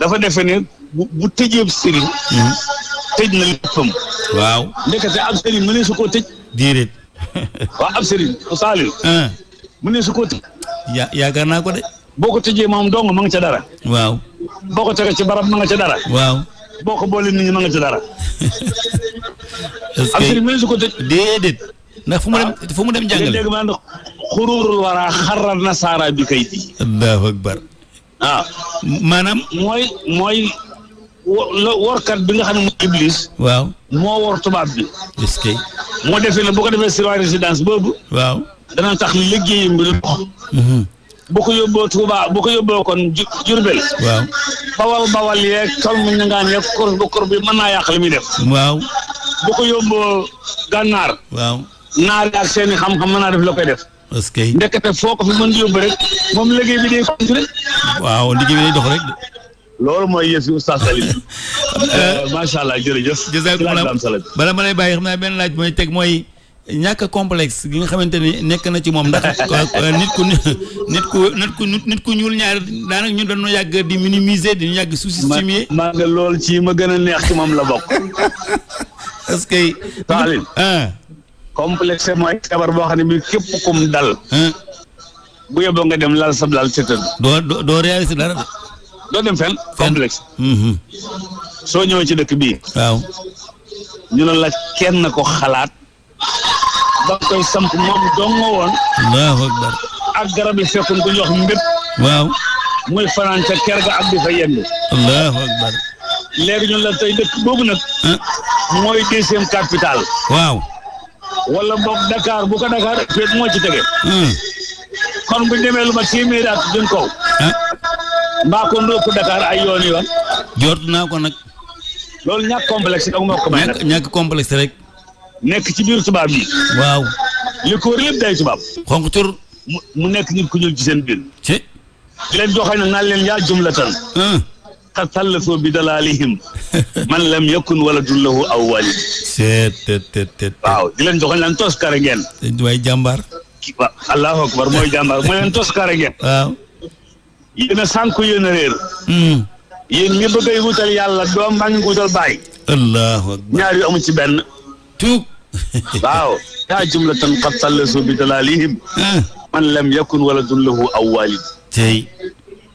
dafa defe ne bu bu tëjeeb sëriñ tëj na waaw ndekete ab sëriñ mu ne su koo tëj diiréet waaw ab sëriñ bu saalil mu ne su koo tëj ya yaakaar naa ko de boo ko tëjee moom dong ma nga ca dara waaw boo ko tege ci barab ma nga ca dara waaw boo ko boolee nit ñi ma nga ci dara. est ce que am ko tëj. fu mu dem ah. fu mu dem jàngale. dégg nga xuruurul wara xarra nasaara bi kay. allahu akbar. ah maanaam. mooy mooy workat bi nga xam ne mooy iblis. waaw moo wor tubaab bi. est moo defee ne bu ko defee si waa résidence boobu. waaw dana tax liggéeyam bi lu bu ko yóbboo Touba bu ko yóbboo kon Jurbel waaw bawal bawal yeeg tol mu ñangaan yeeg kur bu kur bi mën naa yàq li muy def waaw ko yóbboo gànnaar waaw naar ak seeni xam-xam mën naa def la def parce que ndekete foo ko fi mën di yóbbu rek moom liggéey bi day loolu mooy yëf yi oustaz Alioune [laughs] euh, macha allah jërëjëf jazaakumullah bala ma lay bàyyi xam naa benn laaj mooy teg mooy ñàkk complexe gi nga xamante ni nekk na ci moom ndax euh, nit ku nit ñuul ñaar daanaka ñu doon yàgg di minimiser di yàgg sous-estimer. maa nga lool ci ma gën a neex ci moom la bokk. est-ce que. Saalum ah. mooy sabar boo xam ne bi képp kum dal. Ah. bu yóbboo nga dem lal sab lal ci tëdd. doo réaliser dara doo dem fenn mm-hmm. soo ñëwee ci dëkk bii. waaw ñu ne la kenn ko xalaat. ba nga koy samp moom dong woon. allahu akbar. ak garab yi fekkoon ku ñuy wax mbéb. waaw. muy fanaan ca kër ak di fa yendu. allahu akbar. léegi ñun la tey dëkk boobu nag. Ah. mooy dixième capital. waaw. wala boog Dakar bu ko Dakar féet moo ci tege. Hmm. kon bu ñu lu ma téeméeri at jëm kaw. Ah. mbaa ko ndóoku Dakar ay yoon yoon. jort naa ko nag. loolu ñàkk complexe dong moo rek. nekk ci biir tubaab yi. waaw li ko wër day tubaab. xonq mu nekk ni ku ñuul ci seen biir. ci. di leen joxe nag yaa jumlatan. qad sallasoo bi dalaalihim man lam yakun waladun lahu aw walid. seet teet teet teet. waaw di leen joxe naan tos kare ngeen. waay allahu akbar mooy jàmbaar mooy leen tos kare ngeen. waaw. yéen a sànku a réer. yéen ñi bëgg a wutal yàlla doom maa ngi wutal bàyyi. allahu akbar ñaar yu amul ci tuub waaw yaa jumlatan qad sallasu bi dalalihim ah. man lam yakun waladun lahu aw walid tey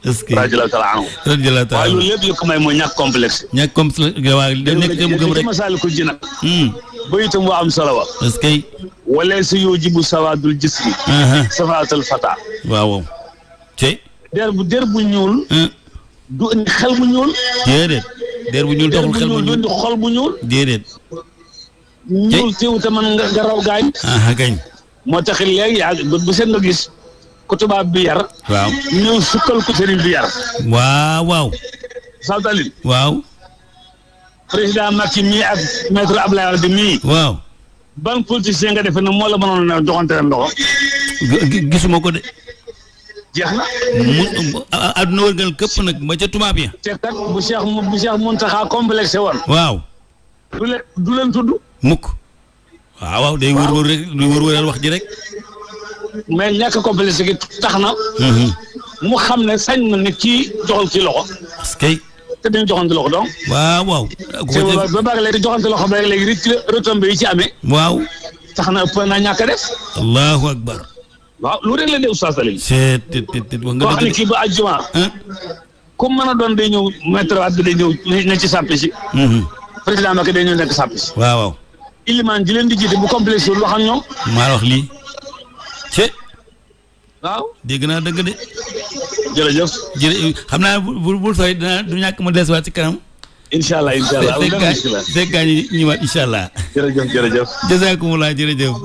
est-ce que radiallahu taala anhu radiallahu taala waaye loolu lépp li ko may mooy ñàkk complexe ñàkk complexe waaw da nekk gëm gëm rek masal ko jina hmm. baytum wa am salawa est-ce que wala si yujibu sawadul jismi safatul fata waaw tey der bu der bu ñuul hmm. du xel mu ñuul déedéet der bu ñuul taxul xel mu ñuul déedéet ñuul siiw te mën nga raw gaañ. gañ moo tax léegi yaa bu seen nga gis ku tubaab bi yar. waaw ñëw sukkal ku sëriñ bi waaw waaw. Sawtalin. waaw. président Macky mii ak maître Abdoulaye Wade mii. waaw. ban politicien nga defe ne moo la mënoon a joxante leen gisuma ko de. jeex na. mu àdduna wërngal këpp nag ba ca tubaab yi te kat bu Cheikh bu Cheikh Mountakha complexé woon. waaw. du leen tudd. mukk waaw waaw day wër wër wax ji rek. mais ñàkk complexe gi tax na. Mhm. mu xam ne sañ na ne kii joxal ci loxo. parce que. te dañu joxante loxo donc. waaw waaw. ba baax léegi joxante loxo ba léegi retombé yi ci amee. waaw. tax na ëpp naa ñàkk a def. allahu akbar. waaw lu rek la de oustaz Alioune. c'est wax nga dëgg ba àjjuma. comme mën a doon day ñëw maître at day ñëw na ci sàppi si. Mhm. président Macky day ñëw nekk sàppi waaw. ilimaan ji leen di jiite bu complexe wul waxal ñoom. maa wax lii. ci. waaw dégg naa dëgg de. jërëjëf. jërëjëf xam naa bu bu bu sooy dinaa du ñàkk ma des waat ci kanam. incha allah incha allah amul dara fekk gaa ñi ñëwaat incha allah. jërëjëf jërëjëf. jazakumullah jërëjëf.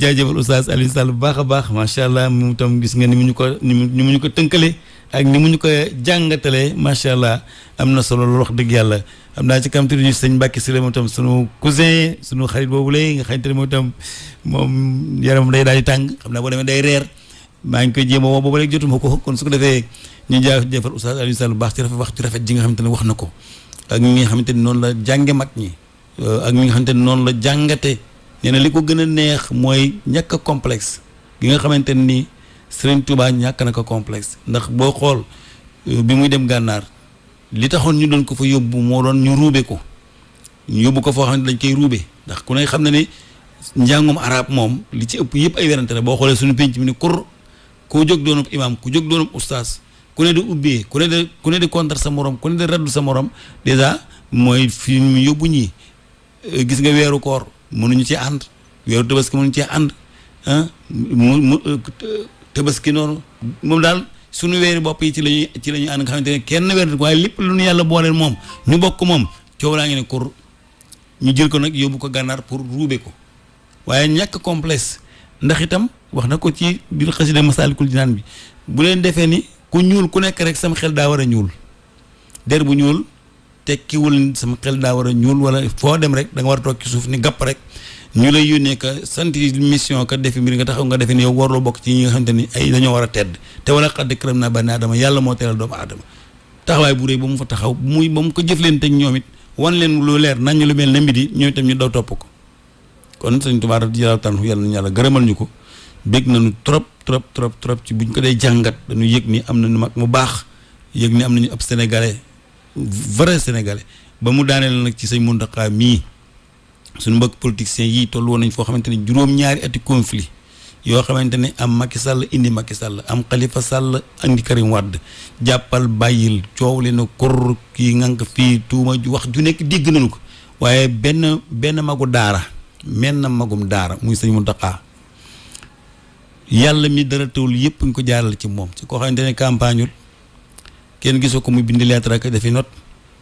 jaajëfal oustaz Alioune Sall bu baax a baax macha allah moom itam gis nga ni mu ñu ko ni ñu ko tënkalee. ak ni mu ñu ko jàngatalee macha allah am na solo lool dëgg yàlla am naa ci kam tudd ñu sëñ Mbacke Sylla moom tam sunu cousin sunu xarit boobu lay nga xamante ne moom tam moom yaram day daal di tàng xam naa boo demee day reer maa ngi koy jéem a woo boobu jotuma ko ko defee ñu jaay jëfal Oustaz Alioune Sall bu baax ci rafet wax ci rafet ji nga te ne wax na ko ak ñi nga xamante ne noonu la jànge mag ñi ak ñi nga xamante ne noonu la jàngate nee li ko gën a neex mooy ñakk complexe gi nga xamante ni Serigne Touba ñàkk na ko complexe ndax boo xool euh, bi muy dem gànnaar li taxoon ñu doon ko fa yóbbu moo doon ñu ruube ko ñu yóbbu ko foo xam ne dañ koy ruube ndax ku ne xam na ne njàngum araab moom li ci ëpp yëpp ay werante la boo xoolee suñu penc mi ni kur koo jóg doonub imaam ku jóg doonub ustaas ku ne di ubbee ku ne di ku ne di contre sa morom ku ne di raddu sa moroom dèjà mooy fi yóbbu ñi euh, gis nga weeru koor mënuñu ci ànd weeru tabaski mënuñu ci ànd tabaski noonu moom daal suñu weeri bopp yi ci lañuy ci la ñuy ànd nga xamante ne kenn weer waaye lépp lu ñu yàlla booleel moom ñu bokk moom coow laa ngi ne kur ñu jël ko nag yóbbu ko gànnaar pour ruube ko waaye ñàkk complexe ndax itam wax na ko ci biir xasida Masaalikul Jinaan bi bu leen defee ni ku ñuul ku nekk rek sama xel daa war a ñuul der bu ñuul tekkiwul sama xel daa war a ñuul wala foo dem rek da nga war a toog ci suuf ni gàpp rek ñu lay yónnee que sant mission ka defi mbir nga taxaw nga defe ni yow warloo bokk ci ñi nga xamante ni ay dañoo war a tedd te wala xadd këram naa bani aadama yàlla moo teral doomu adama taxawaay bu rëy ba mu fa taxaw muy ba mu ko jëflante ak ñoom it wan leen lu leer nañ lu mel ne mbir yi ñoom itam ñu daw topp ko kon sëñ Tuubaa radiyallaahu taala yàlla nañu yàlla gërëmal ñu ko bég nañu trop trop trop trop ci buñ ko dee jàngat dañu yëg ni am na nañu mag mu baax yëg ni am nañu ab sénégalais vrai sénégalais ba mu daaneel nag ci sëñ Muntaxa mii suñu mbokk politiciens yi toll woon nañ foo xamante ne juróom-ñaari ati conflit yoo xamante ne am makki sàll indi Macky Sall am Khalifa Sall indi Karim Wade jàppal bàyyil coow leen a ki kii ngànk fii tuuma wax ju nekk digg nañu ko waaye benn benn magu daara menn magum daara muy sëñ Mountakha yàlla mi dara tawul yëpp nga ko jaaral ci moom ci koo xamante ne campagne kenn gisu ko muy bind lettre ak defi not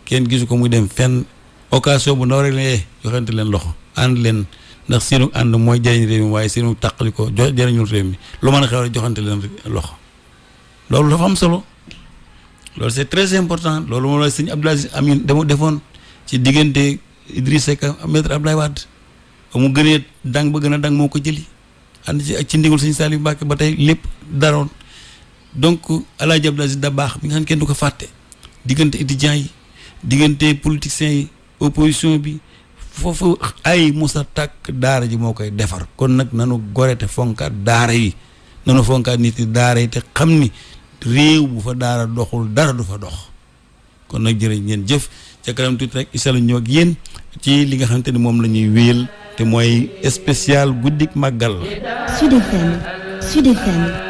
kenn gisu ko muy dem fenn occasion bu ndaw rek la yee joxante leen loxo ànd leen ndax seenu ànd mooy jëriñ réew mi waaye seenu tàqali ko jo jëriñul réew mi lu mën a xew rek joxante leen loxo loolu dafa am solo loolu c'est très important loolu moom la sëñ Abdoul Aziz Amine dama defoon ci diggante Idrissa Seck maître Abdoulaye Wade mu gënee dang ba gën a dang moo ko jëli ànd ci ak ci ndigul sëñ Saliou Mbacké ba tey lépp daroon donc El Hadj Abdoul Aziz da baax mi nga xam kenn du ko fàtte diggante étudiants yi diggante politiciens yi opposition bi foofu ay musa tàkk daara ji moo koy defar kon nag nanu gore te fonkaat daara yi nanu fonkaat nit yi daara yi te xam ni réew bu fa daara doxul dara du fa dox kon nag jërë ngeen jëf ca kanam tuuti rek isa la ñëw ci li nga xamante ni moom lañuy ñuy te mooy spécial guddik màggal la Sud FM Sud FM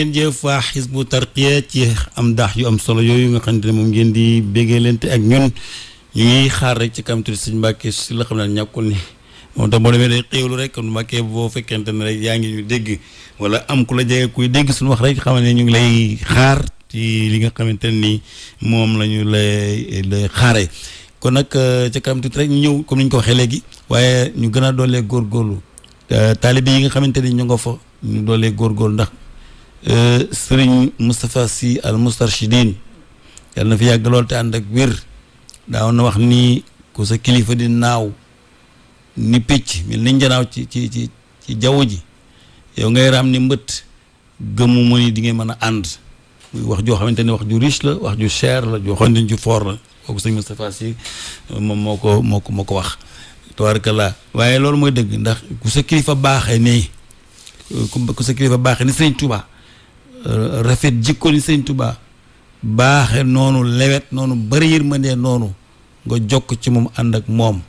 ngeen jëf waa xisbu tarqiya ci am daax yu am solo yooyu nga xamante ne moom ngeen di béggeelante ak ñun ñu ngi xaar rek ci kam tuuti sëñ Mbàkke si la xam ne ñàkkul ni moom tam boo demee day xéewlu rek kon Mbàkke boo fekkente ne rek yaa ngi dégg wala am ku la jege kuy dégg suñu wax rek xam ne ñu ngi lay xaar ci li nga xamante ni moom la ñu lay kon nag euh, ca kanam tuuti rek ñëw comme ni ñu ko waxee léegi waaye ñu gën a doolee góorgóorlu euh, taalibe yi nga xamante ni ñu nga fa ñu doolee góorgóorlu ndax Euh, sëriñ Moustapha si al Moustarchidine yàlla na fi yàgg lool te ànd ak wér daaw na wax nii ku sa kilifa di naaw ni picc mel ni njanaaw ci ci ci ci jaww ji yow ngay raam ni mbëtt gëmu mu ni di ngay mën a ànd wax joo xamante ne wax ju riche la wax ju cher la joo xamante ju fort la kooku sëñ Moustapha Sy euh, moom moo ko moo ko wax ko wax tabaarkalla waaye loolu mooy dëgg ndax ku sa kilifa baaxee nii euh, ku sa kilifa baaxee ni sëriñ tubaa rafet jikko ni sëñ tubaa baaxe noonu lewet noonu bari yërmande noonu nga jokk ci moom ànd ak moom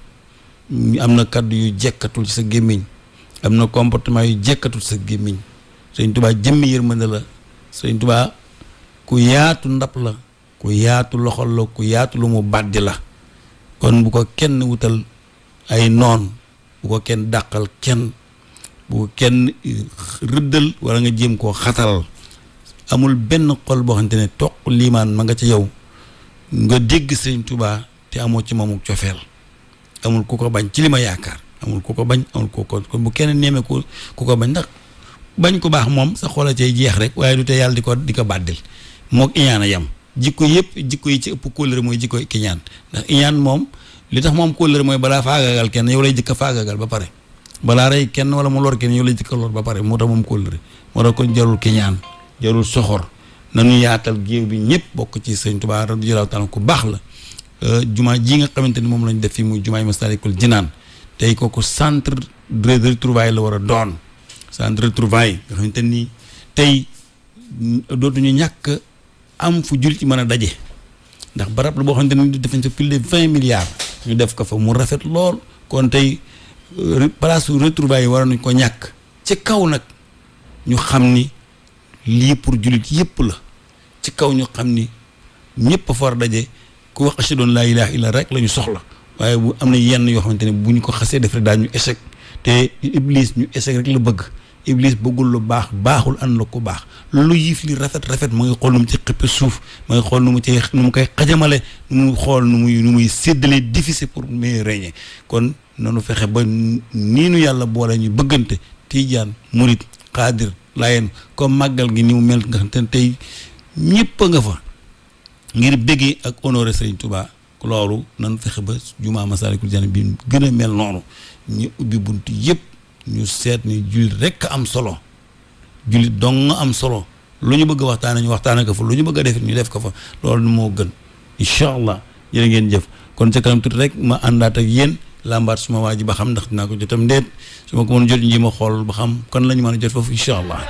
am na kàddu yu jekkatul ci sa gémmiñ am na comportement yu jekkatul ci sa gémmiñ sëñ tubaa jëmmi yërmande la sëñ tubaa ku yaatu ndab la ku yaatu loxol la ku yaatu lu mu bàddi la kon bu ko kenn wutal ay noon bu ko kenn dàqal kenn bu ko kenn rëddal walla nga jéem koo xatal amul benn xol boo xamante ne toq liimaan ma nga ci yow nga dégg sëriñ tubaa te amoo ci moomu cofeel amul ku ko bañ ci li ma yaakaar amul ku ko bañ amul ku ko bu kenn neemee ku ko bañ ndax bañ ko baax moom sa xoola cay jeex rek waaye du te yàlla di ko di ko bàddil moog iñaan a yam jikko yëpp jikko yi ci ëpp kóllëre mooy jikko ki ñaan ndax iñaan moom li tax moom kóllëre mooy balaa faagagal kenn yow lay jëkk a ba pare balaa rey kenn wala mu lor kenn yow lay jëkk ba pare moo tax moom kóllëre moo tax kon jarul ki jarul soxor nañu yaatal géew bi ñëpp bokk ci sëñ Tuubaa radiyallaahu taala ku baax la euh, jumaa ji nga xamante ni moom lañ def fii muy jumaay Masaalikul Jinaan tey kooku centre de retrouvaille la war a doon centre de retrouvaille nga xamante ni tey dootuñu ñàkk am fu jul ci mën a daje ndax barab la boo xamante ni def nañ fa plus de vingt milliards ñu def ko fa mu rafet lool kon tey euh, place retrouvaille yi war nañ ko ñàkk ci kaw nag ñu xam ni lii pour jullit yépp la ci kaw ñu xam ni ñépp a far daje ku wax ashhadu doon laa ilaaha illa rek la ñu soxla waaye bu am na yenn yoo xamante ne bu ñu ko xasee def rek daal ñu échec te iblis ñu échec rek la bëgg iblis bëggul lu baax baaxul ànd la ko baax lu yiif rafet rafet mu ngi xool nu mu ci xëppe suuf mu ngi xool nu mu ci nu mu koy xajamale nu mu xool nu muy nu muy séddalee difficile pour mieux régner kon nanu fexe ba nii nu yàlla boole ñu bëggante tiijaan murit laayeen comme màggal gi ni mu mel nga xam te tey ñëpp nga fa ngir bëggee ak honoré Serigne Touba loolu nan fexe ba jumaa Masaalikul Jinaan bi gën a mel noonu ñu ubbi bunt yëpp ñu seet ni jullit rekk am solo jullit dong am solo lu ñu bëgg waxtaana ñu waxtaana ko fa lu ñu bëgg a def ñu def ko fa loolu nu moo gën incha allah jërë ngeen jëf kon ca kanam tuuti rek ma àndaat ak yéen làmbaat suma waa ji ba xam ndax dinaa ko jotam ndéet su ma ko mën a jot ñi ma xool ba xam kon la ñu mën a jot foofu incha allah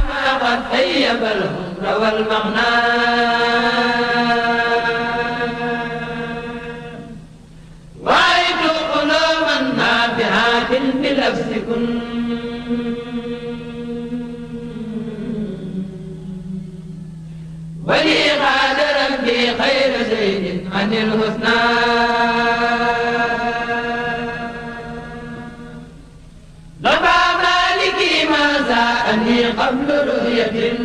ولي قال ربي خير زيد عن الحسنى عني قبل رؤية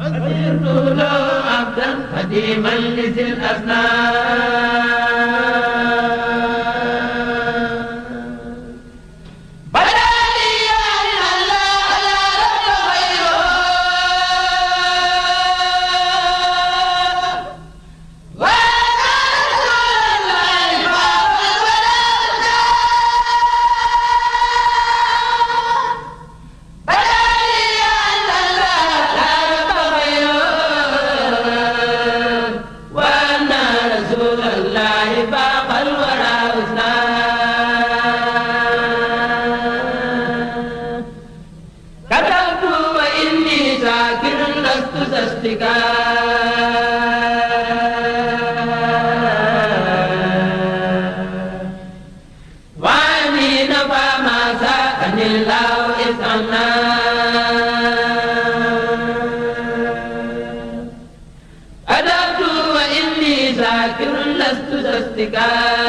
فكرت له عبدا خديما لذي الأسنان صدقا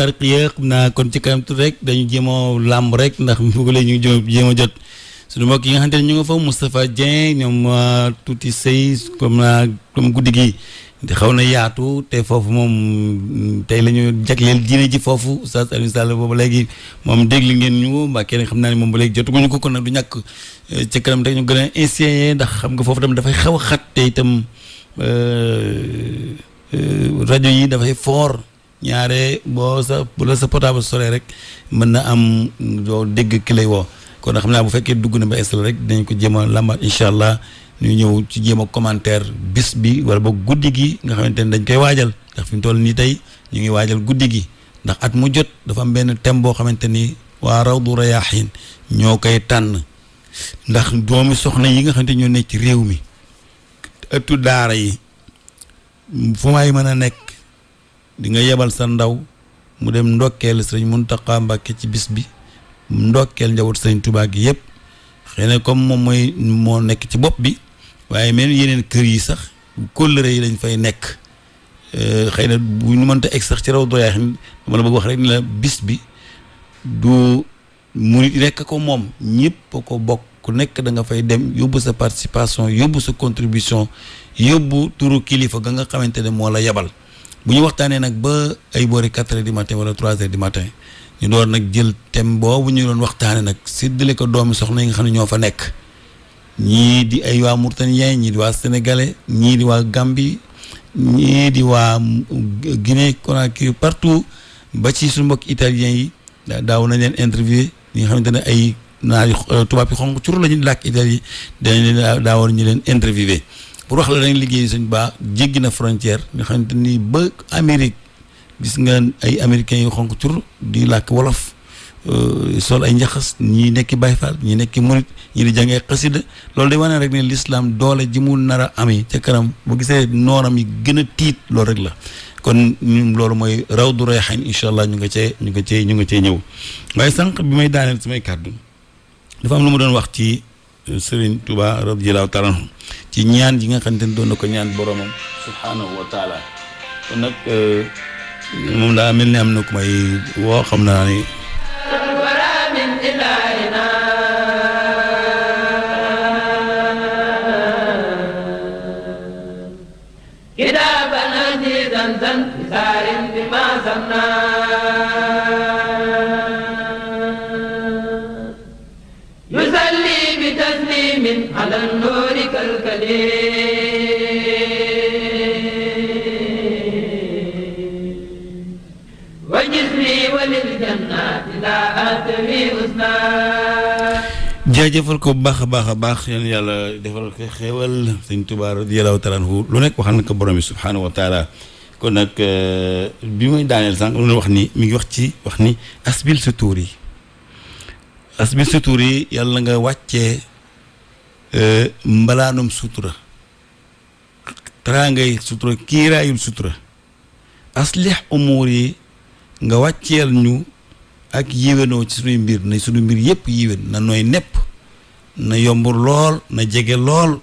tarqiya xam naa kon ci kanam tu rek dañu jéem làmb rek ndax mbugale [laughs] ñu jéem a jot suñu mbokk yi nga xam ne ñu nga fa Moustapha Dieng ñoom ah, tuuti sëy comme naa ah, comme guddi gi xaw na yaatu te foofu moom mm, tey lañu ñu jagleel diine ji foofu Oustaz Alioune Sall boobu léegi moom déglu ngeen ñu mbaa kenn xam naa ne moom ba léegi jotuguñu ko kon nag du ñàkk eh, ci kanam rek ñu gën a insinué ndax xam nga foofu tamit dafay xaw a xat te itam eh, eh, rajo yi dafay foor ñaare boo sa bu la sa portable soree rek mën na am doo dégg ki lay woo kon xam naa bu fekkee dugg na ba installé rek dinañ ko jéem a làmbaat incha allah ñu ñëw ci jéem a commentaire bis bi wala ba guddi gi nga xamante ne dañ koy waajal ndax fi mu toll nii tey ñu ngi waajal guddi gi ndax at mu jot dafa am benn thème boo xamante ni waa Rawdu Rayaahiin ñoo koy tànn ndax doomi soxna yi nga xamante ñoo nekk ci réew mi ëttu daara yi fu may mën a nekk. di nga yebal sa ndaw mu dem ndokkeel sëriñ tax Mbàkke ci bis bi ndokkeel njaboot sañ Tuubaa gi yëpp xëy na comme moom mooy moo nekk ci bopp bi waaye même yeneen kër yi sax kóllëre yi dañ fay nekk euh, xëy na bu ñu mënta egg sax ci raw doyaay xam ma la bëgg wax rek ni la bis bi du rekk nekk ko moom ñëpp ko bokk ku nekk da nga fay dem yóbbu sa participation yóbbu sa contribution yóbbu turu kilifa ga nga xamante ne moo la yebal bu ñu waxtaanee nag ba ay boori quatre heures du matin wala trois heures du matin ñu door nag jël thème boobu ñu doon waxtaanee nag séddale ko doomi soxna yi nga xam ne ñoo fa nekk ñii di ay waa Mauritanie ñii di waa sénégalais ñii di waa Gambie ñii di waa Guinée Conakry partout ba ci suñu mbokk italiens yi daa daaw nañ leen interviewé ñi nga xamante ne ay naar euh, tubaab yi xonq cur la ñu làkk italien dinañ leen daawoon ñu leen interviewé. pour wax la dañ liggéey sëñ Ba jéggi na frontière nga xamante ni ba Amérique gis nga ay américains yu xonq tur di làkk wolof euh, sol ay njaxas ñi nekki Baay Faal ñi nekki murit ñi di jàngee xasida loolu day wane rek ne l'islam doole ji mu nara a amee ca kanam bu gisee nooram yi gën a tiit loolu rek la kon ñun loolu mooy raw du reexañ incha allah ñu nga cee ñu nga cee ñu nga cee ñëw waaye sànq bi may daaneel samay kàddu dafa am lu ma doon wax ci euh, Serigne Touba radiyallahu taala anhu ci ñaan ji nga xamante ne doon na ko ñaan boromam subhaanahu wa taala kon nag euh, moom daa mel ni am na ku may woo naa jaajëfal ko bu baax a baax a baax yéen yàlla defal ko xéewal sëñ Tuubaa radiyallaahu taala anhu lu nekk waxal na ko borom bi subhaanahu wa taala kon nag euh, bi muy daaneel sànq lu wax ni mu ngi wax ci wax ni asbil sa tuur yi asbil sa tuur yi yàlla nga wàcce euh, mbalaanum sutura taraangay sutura kiiraayul sutura aslih umuur yi nga wàcceel ñu ak yiwénoo ci suñuy mbir na suñu mbir yëpp yiwén na nooy nepp na yomb lool na jege lool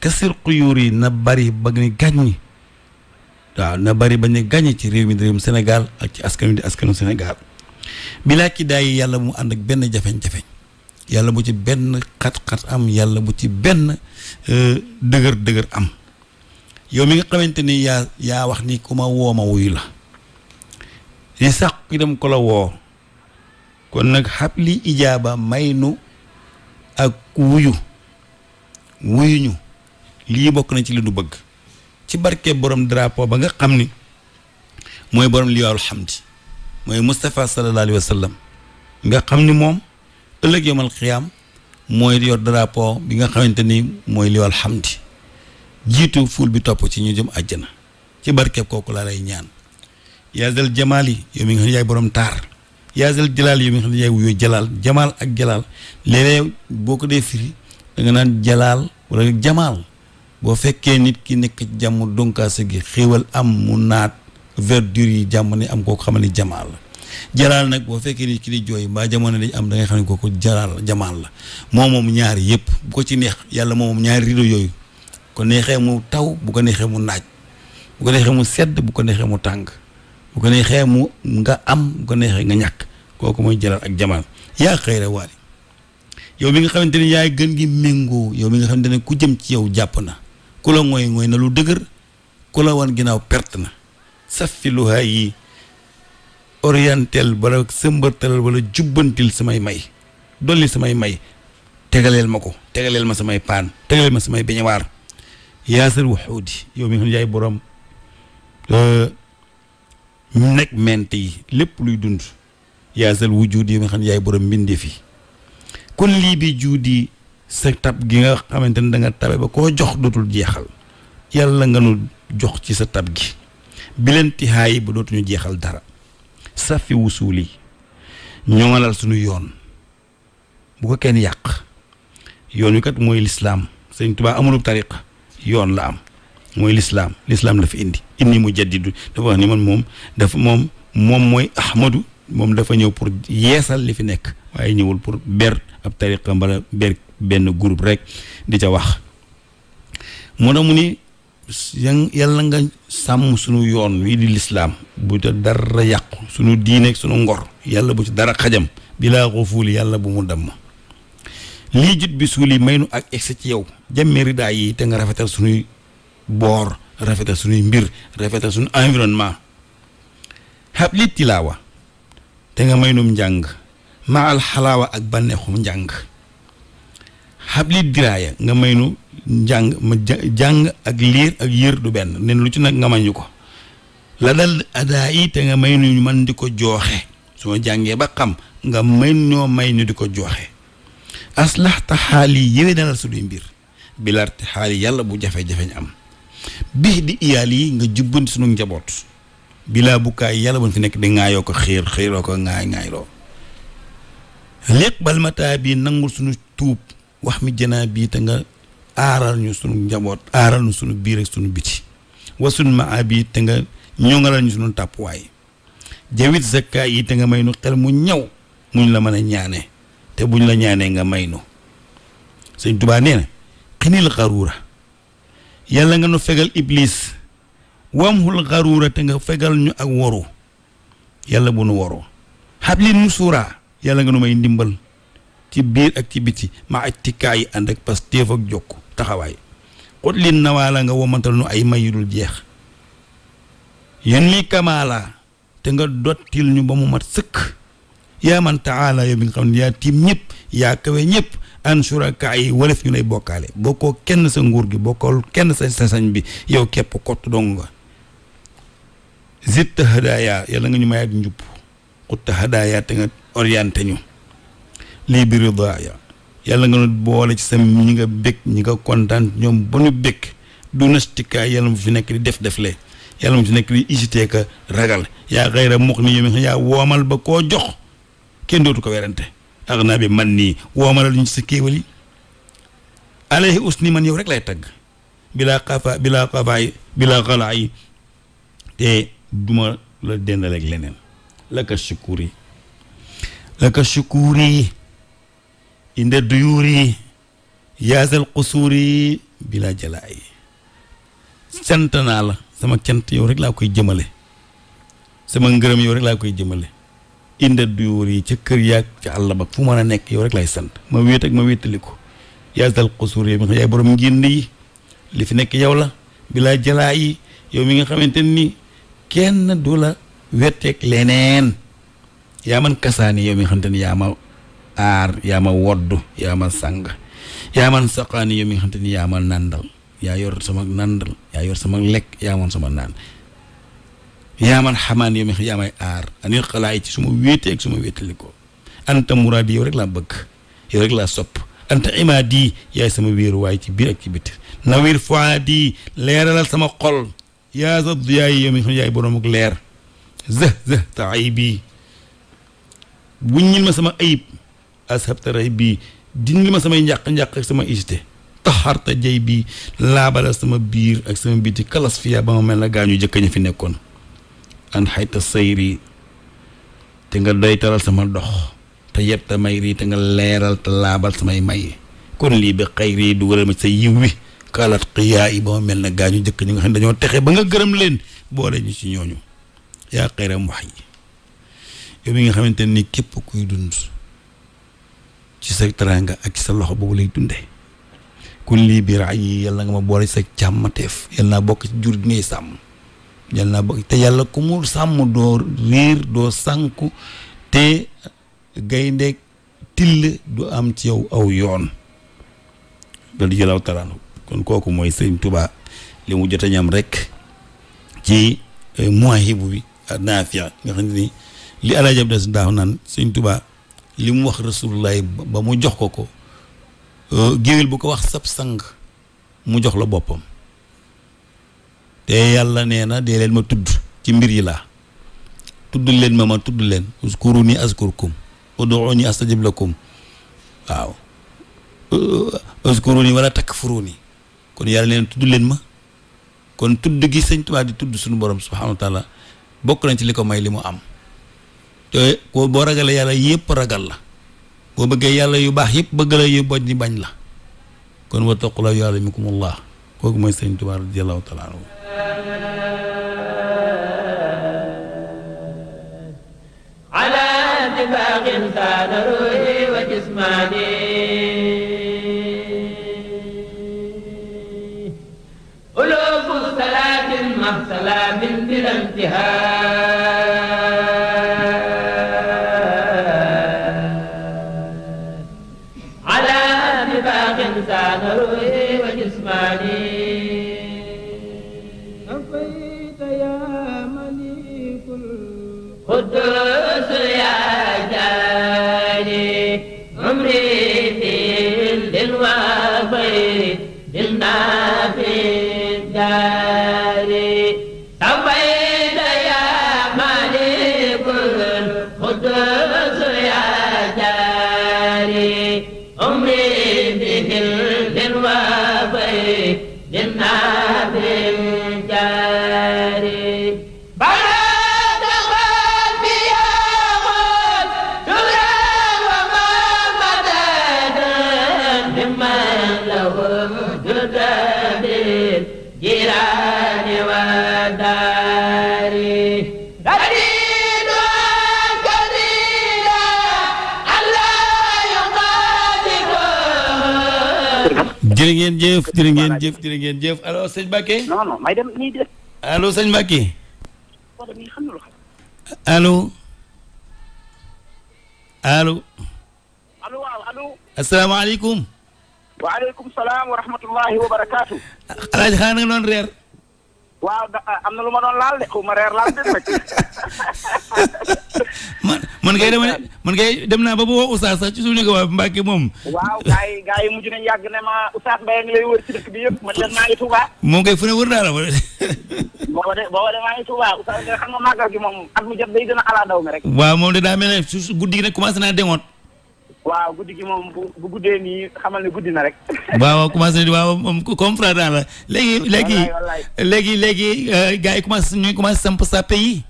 kasir xuyuur yi na bari ba ni gàññi waaw na bari ba ñu gàññi ci réew mi réewum senegal ak ci askan wi di askanu Sénégal bilaa ki daay yàlla mu ànd ak benn jafeñ-jafeñ yàlla bu ci benn xat-xat am yàlla bu ci benn euh, dëgër dëgër am yow mi nga xamante ni yaa yaa wax ni ku ma woo ma wuyu la li sax ki dem ko la woo kon nag xabli ijaaba may nu ak wuyu wuyuñu lii bokk nañ ci li bëgg ci barke borom drapo ba nga xam ni mooy borom liwaarul xamdi mooy Moustapha sallallahu alayhi nga xam ni moom ëllëg yomal xiyaam mooy yor drapeau bi nga xamante ni mooy liwaal xamdi jiitu ful bi topp ci ñu jëm àjjana ci barkeeb kooku laa lay ñaan yaa dal jamaali yow mi nga xam yaay borom taar yaasal jalaal yi nga xam ne yaay jalaal jamaal ak jalaal léeg boo ko dee firi da nga naan jalaal wala jamaal boo fekkee nit ki nekk jàmm donkaase gi xéewal am mu naat verdure yi jàmm ne am kooku xamal ni jamaal la jalaal nag boo fekkee nit ki di jooy mbaa jamono dañ am dangay xam ne kooku jalaal jamaal la moo moom ñaari yëpp bu ko ci neex yàlla moo moom ñaari rido yooyu ko neexee mu taw bu ko neexee mu naaj bu ko neexee mu sedd bu ko neexee mu tàng bu ko neexee mu nga am bu neexee nga ñàkk kooku mooy jalal ak jamaan yaa xayra waali yow mi nga xamante ne yaay gën gi méngoo yow mi nga xamante ne ku jëm ci yow jàpp na ku la ngooy ngooy na lu dëgër ku la wan ginnaaw perte na saffiluhaa yi orientel bala sëmbartalal wala jubbantil samay may dolli samay may tegaleel ma ko tegaleel ma samay paan tegaleel ma samay beñewaar yaasal waxuudi yow mi nga xam yaay borom euh, nekk ment yi lépp luy dund yaa sal wujud yi nga xam ne yaay borom mbindee fi kon lii bi sa tab gi nga xamante ne da nga tabe ba koo jox dootul jeexal yàlla nga nu jox ci sa tab gi bilenti haay ba dootuñu jeexal dara safi wusuuli ñoŋalal suñu yoon bu ko kenn yàq yoon wi kat mooy lislaam sëñ Tuubaa amulub tariq yoon la am mooy lislaam lislaam la fi indi indi mu jaddidu dafa wax ni man moom dafa moom moom mooy ahmadu moom dafa ñëw pour yeesal li fi nekk waaye ñëwul pour ber ab tariqa mbala ber benn groupe rek di ca wax mu ne mu ni yàlla nga sàmm suñu yoon wii di lislaam bu ca dara yàqu suñu diine ak suñu ngor yàlla bu ci dara xajam bilaa xufuuli yàlla bu mu damm lii jut bi suuli may nu ak egsi ci yow jàmmee ridaa yi te nga rafetal suñuy boor rafetal suñuy mbir rafetal suñu environnement xab li tilaawa te nga may num njàng ma al ak bànneexum njàng xabli diraaya nga may nu njàng ma jàng ak liir ak yër du benn nen lu ci nag nga may ñu ko la dal adaa yi te nga may nu ñu man di ko jooxe su ma jàngee ba xam nga may ñoo may nu di ko jooxe aslaxta xaal yi yëwee dalal suñuy mbir bilarti xaal yi yàlla bu jafe-jafeñ am bi di iyaal yi nga jubbanti sunu njaboot bilaa bukkaay yàlla buñ fi nekk di ŋaayoo ko xiir xiiroo ko ŋaay ŋaayroo léq bal mataa bii nangul suñu tuub wax mi janaa bii te nga aaral ñu suñu njaboot aaral ñu suñu biir ak suñu biti wasun maa bii te nga ñoŋalal ñu suñu tàppuwaay jawit zakkaay yi te nga may nu xel mu ñaw muñ la mën a ñaane te buñ la ñaanee nga may nu sëñ tubaa nee na xinil yàlla nga nu fegal iblis wamhul xaruura te nga fegal ñu ak waru yàlla bu nu waru xabli nusuraa yàlla nga nu may ndimbal ci biir ak ci biti ma aj tikkaay yi ànd ak Pastef ak jokk taxawaay xut nawaala nga womantal nu ay may yu dul jeex yéen mi kamaala te nga dottil ñu ba mu mat sëkk yaa man taala yow bi nga xam ne yaa tiim ñëpp yaa kawe ñëpp an suraka yi walef ñu lay bokkaale bokkoo kenn sa nguur gi bokkoo kenn sa sañ bi yow képp kott dong nga zitta hadaya yàlla nga ñu may ak njub xutta hadaya te nga orienté ñu lii bi ridaaya yàlla nga nu boole ci sa ñi nga bég ñi nga kontaan ñoom ba ñu bég du nastikaay yàlla mu fi nekk di def defle yàlla mu fi nekk di hésité ka ragal yaa xayra mux ni yomi yaa woomal ba koo jox kenn dootu ko werante ak naa bi man nii woomalal ñu sa kéewal yi alayhi usni man yow rek lay tagg bilaa xafa bilaa xafaay bilaa xalaa yi te duma la dendaleeg leneen laka shukuri laka shukuri inda duyuri yaasal qusuuri bila jalaayi sant naa la sama cant yow rek laa koy jëmale sama ngërëm yow rek laa koy jëmale inda duyóor yi ca kër yaag ca àll ba fu mën a nekk yow rek laay sant ma wéet ak ma wéetali ko yaa dal xusuur yow mi yaay borom ngénn yi li fi nekk yow la bilaa jalaa yi yow mi nga xamante ni kenn du la wetteeg leneen yaa man kasaani yow mi xam te ne yaa ma aar yaa ma wodd yaa ma sàng yaa man saqaani yow mi xam te yaa ma nàndal yaa yor sama nàndal yaa yor sama lekk yaa man sama naan yaa man xamaan yow mi xam yaa may aar anil xalaay ci su ma wéeteeg su ma wéetali ko anta muraadi yow rek laa bëgg yow rek laa sopp anta imaadi yaay sama wéeruwaay ci biir ak ci biti nawir fuaadi leeralal sama xol yaa sa yaay yow mi ak leer zë zë ta ayib wuññil ma sama ayib ashabta ray bii dindil ma samay njàq-njàq ak sama iste taxarta jay bii laabala sama biir ak sama biti kalas fiya ba ma mel na gaañu jëkk ña fi nekkoon an xayta sayri te nga doytaral sama dox te yetta may rii te nga leeral te laabal samay may kon lii bi xayrii dugalal ma sa yiw wi kalat xiyaa yi ba ma mel na gaa ñu jëkk ñi nga xam ne dañoo texe ba nga gërëm leen boole ñu ci ñooñu yaa xayra wax yi yow nga xamante ni képp kuy dund ci ak sa loxo boobu lay dunde kun lii biir yi yàlla boole sa càmmateef yàlla naa bokk ci jur gi sàmm yàlla naa bokk te yàlla ku mu sàmm doo réer doo sànku te gaynde till du am ci yow aw yoon loolu jëlaw talaanu kon kooku mooy sëñ Tuubaa li mu jot ñam rek ci eh, muwaahibu bi naafia nga xam ni li Alaaji Abdu Asiis daaw naan sëriñ Tuubaa li mu wax rasulullahi ba mu jox ko ko eh, géwél bu ko wax sab sang mu jox la boppam te yàlla nee na dee leen ma tudd ci mbir yi laa tudd leen ma ma tudd leen uskuru ni askurkum ud'uuni astajib lakum waaw eh, uskuru ni wala takfuru ni kon yàlla neen tudd leen ma kon tudd gi sëñ Tuubaa di tudd suñu borom subhaanahu wa bokk nañ ci li ko may li mu am te ko boo ragalee yàlla yépp ragal la boo bëggee yàlla yu baax yépp bëgg la yu boj ni bañ la kon wa taqula yuallimukumullah kooku mooy sëñ Tuubaa radiyallahu taala anhu ala dibaqin saada ruuhi wa jismaani مع السلام بلا انتهاء jërë ngeen jëf jërë ngeen jëf jërë ngeen jëf allo sëñ Mbacke. non non may dem nii de. allo sëñ Mbacke. allo. allo. allo waaw allo. asalaamaaleykum. waaleykum salaam wa rahmatullahi wa barakaatu. Alaaji xanaa nga doon reer. waaw ah, am na lu ma doon laal de xaw ma reer laal ma [laughs] ci. man dem naa ba bu woo Oustaz sax ci suñu ko waa Mbacke moom. waaw gars yi gars yi mujj nañu yàgg ne ma Oustaz Mbaye ngi lay wër ci dëkk bi yëpp man leen maa ngi Touba. moom kay fu ne wër naa la wala. [laughs] booba de booba de maa ngi Touba Oustaz nga xam nga màggal gi moom at mu day gën a ala daw mi rek. waaw moom de daa mel ne su guddi gi nag commencé naa dengoon. waaw guddi moom bu guddee nii xamal guddi na rek. [laughs] waaw commencé nañu waaw moom comprendre naa la léegi. léegi léegi léegi euh, gars yi commencé ñu commencé samp sàppe yi.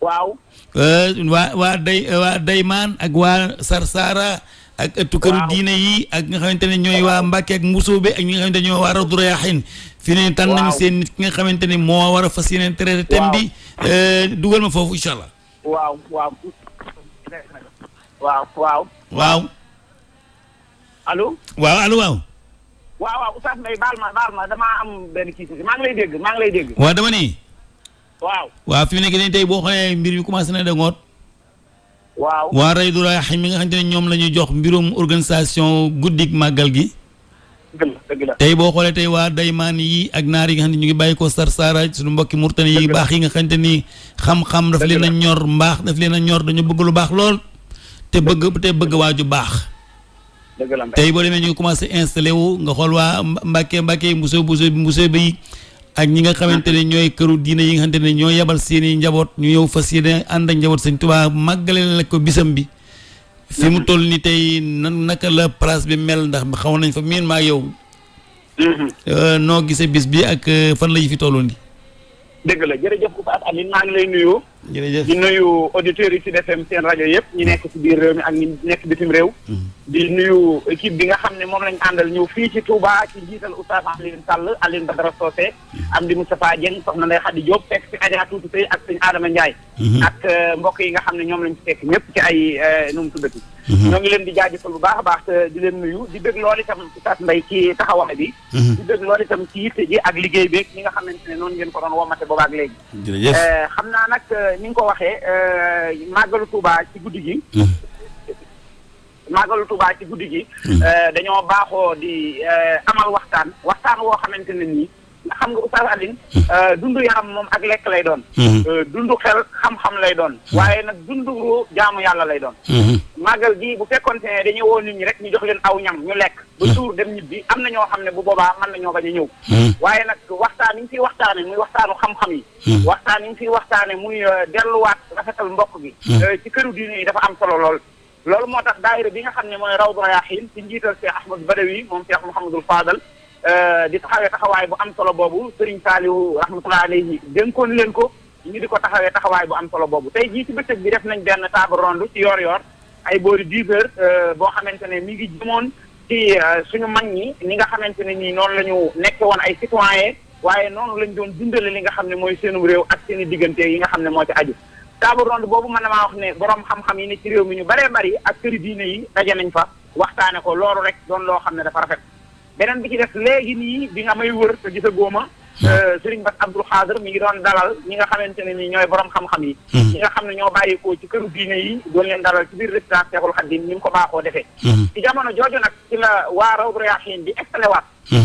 waaw. Euh, waa waa day euh, waa Daymaan ak waa Sarsara. ak ëttu këru diine yi ak nga xamante ne ñooy waa Mbàkke ak Mbusobe ak ñi nga xamante ne ñooy waa Rawdu Rayaahin fi ne tànn seen nit ki nga xamante ne moo war a fas yéeneen traité thème bi dugal ma foofu incha allah. waaw. allo. waaw allo waaw. waaw waaw Oustaz Mbaye baal ma damaa am maa ngi lay dégg maa waaw dama ni. waaw. waaw fi mu nekk nii tey boo xoolee mbir yu commencé na dangoot. waaw waa Ray du Rayaxin mi nga xam te ne ñoom la ñuy jox mbirum organisation guddik màggal gi. tey boo xoolee tey waa daymaan yi ak naar yi nga xam ne ñu ngi bàyyi ko sar saara suñu mbokki murtani yi baax yi nga xamante ni xam-xam daf leen ñor mbaax daf leen a ñor dañu bëgg lu baax lool te bëgg te bëgg waaju baax. tey boo demee ñu ngi commencé installé wu nga xool waa Mbacke Mbacke Moussa Moussa Moussa Baye ak ñi nga xamante ne ñooy këru diina yi nga xamante ne ñoo yebal seen i njaboot ñu ñëw fa yéene ànd ak njaboot Sëñ Tuubaa màggale la ko bisam bi. fi mu toll nii tey nan naka la place bi mel ndax xamoon nañ fa miin maa yow. Euh, noo gisee bis bi ak euh, fan la ñu fi tolloon di. dëgg jërëjëf di nuyu auditeurs yi ci FM seen rajo yëpp ñu nekk ci biir réew mi ak ñu nekk bitim réew. Mm-hmm. di nuyu équipe bi nga xam ne moom lañ àndal ñëw fii ci Touba ci jiital Oustaz Alioune Sall Alioune Badara Socé mm-hmm. am di Moustapha Dieng soxna Ndeye Khady Diop fekk ci Adja Tuuti Sey ak sëñ Adama Ndiaye. Mm-hmm. ak euh, mbokk yi nga xam ne ñoom lañ ci fekk ñëpp ci ay euh, nu mu tuddati. Mm-hmm. ñoo ngi leen di jaajëfal bu baax a baax te di leen nuyu di bëgg lool itam ci tas mbay ci taxawaay bi mm-hmm. di bëgg lool itam ci yitte ji ak liggéey beeg ñi nga xamante ne noonu ngeen ko doon womate boobaak léegi eh, xam naa nag eh, ni nga ko waxee eh, màggalu Touba ci guddi gi mm-hmm. màggalu Touba ci guddi gi dañoo baaxoo di amal waxtaan waxtaan woo xamante ne nii xam nga Oustaz Alioune hmm. euh, dundu yaram moom ak lekk lay doon hmm. euh, dundu xel xam-xam lay doon hmm. waaye nag dundu ruu jaamu yàlla lay doon màggal gi bu fekkoon ne dañuy woo nit ñi rek ñu jox leen aw ñam ñu lekk ba suur dem ñibbi am na ñoo xam ne bu boobaa mën na ñoo bañ a ñëw waaye nag waxtaan yi ñu fiy waxtaane muy waxtaanu xam-xam yi waxtaan yi ñu fiy waxtaane muy euh, delluwaat rafetal mbokk gi ci këru diine yi dafa am solo lool loolu moo tax daayira bi nga xam ne mooy Rawdu Rayaahiin ci njiital Cheikh Ahmad Badawi moom Cheikh Mouhamadul Fadal Euh, di taxawee taxawaay bu am solo boobu Serigne Saliou rahmatullahi alayhi dénkoon leen ko ñu di ko taxawee taxawaay bu am tolo boobu tey jii ci bëccëg bi def nañ benn table ronde ci yor-yor ay boori 10 heures euh, boo xamante ne mi ngi jëmoon ci euh, suñu mag ñi ni nga xamante ne nii noonu la ñu nekk woon ay citoyen waaye noonu lañ doon dundale li nga xam ne mooy seenum réew ak seen diggante yi nga xam ne moo ci aju. table ronde boobu mën na maa wax ne borom xam yi ne ci réew mi ñu baree bari ak këri diine yi daje nañ fa waxtaane ko loolu rek doon loo xam ne dafa rafet. beneen bi ci def léegi nii bi nga may wër te gisa góoma hmm. euh, Serigne Bass Abdou Khadre mi ngi doon dalal ñi nga xamante ne ni ñooy borom xam-xam yi ñi nga xam ne ñoo bàyyeekoo ci kër diine yi doon leen dalal ci biir résidence Cheikhoul Khadim ni mu ko baaxoo defee ci jamono nag ci la waa bi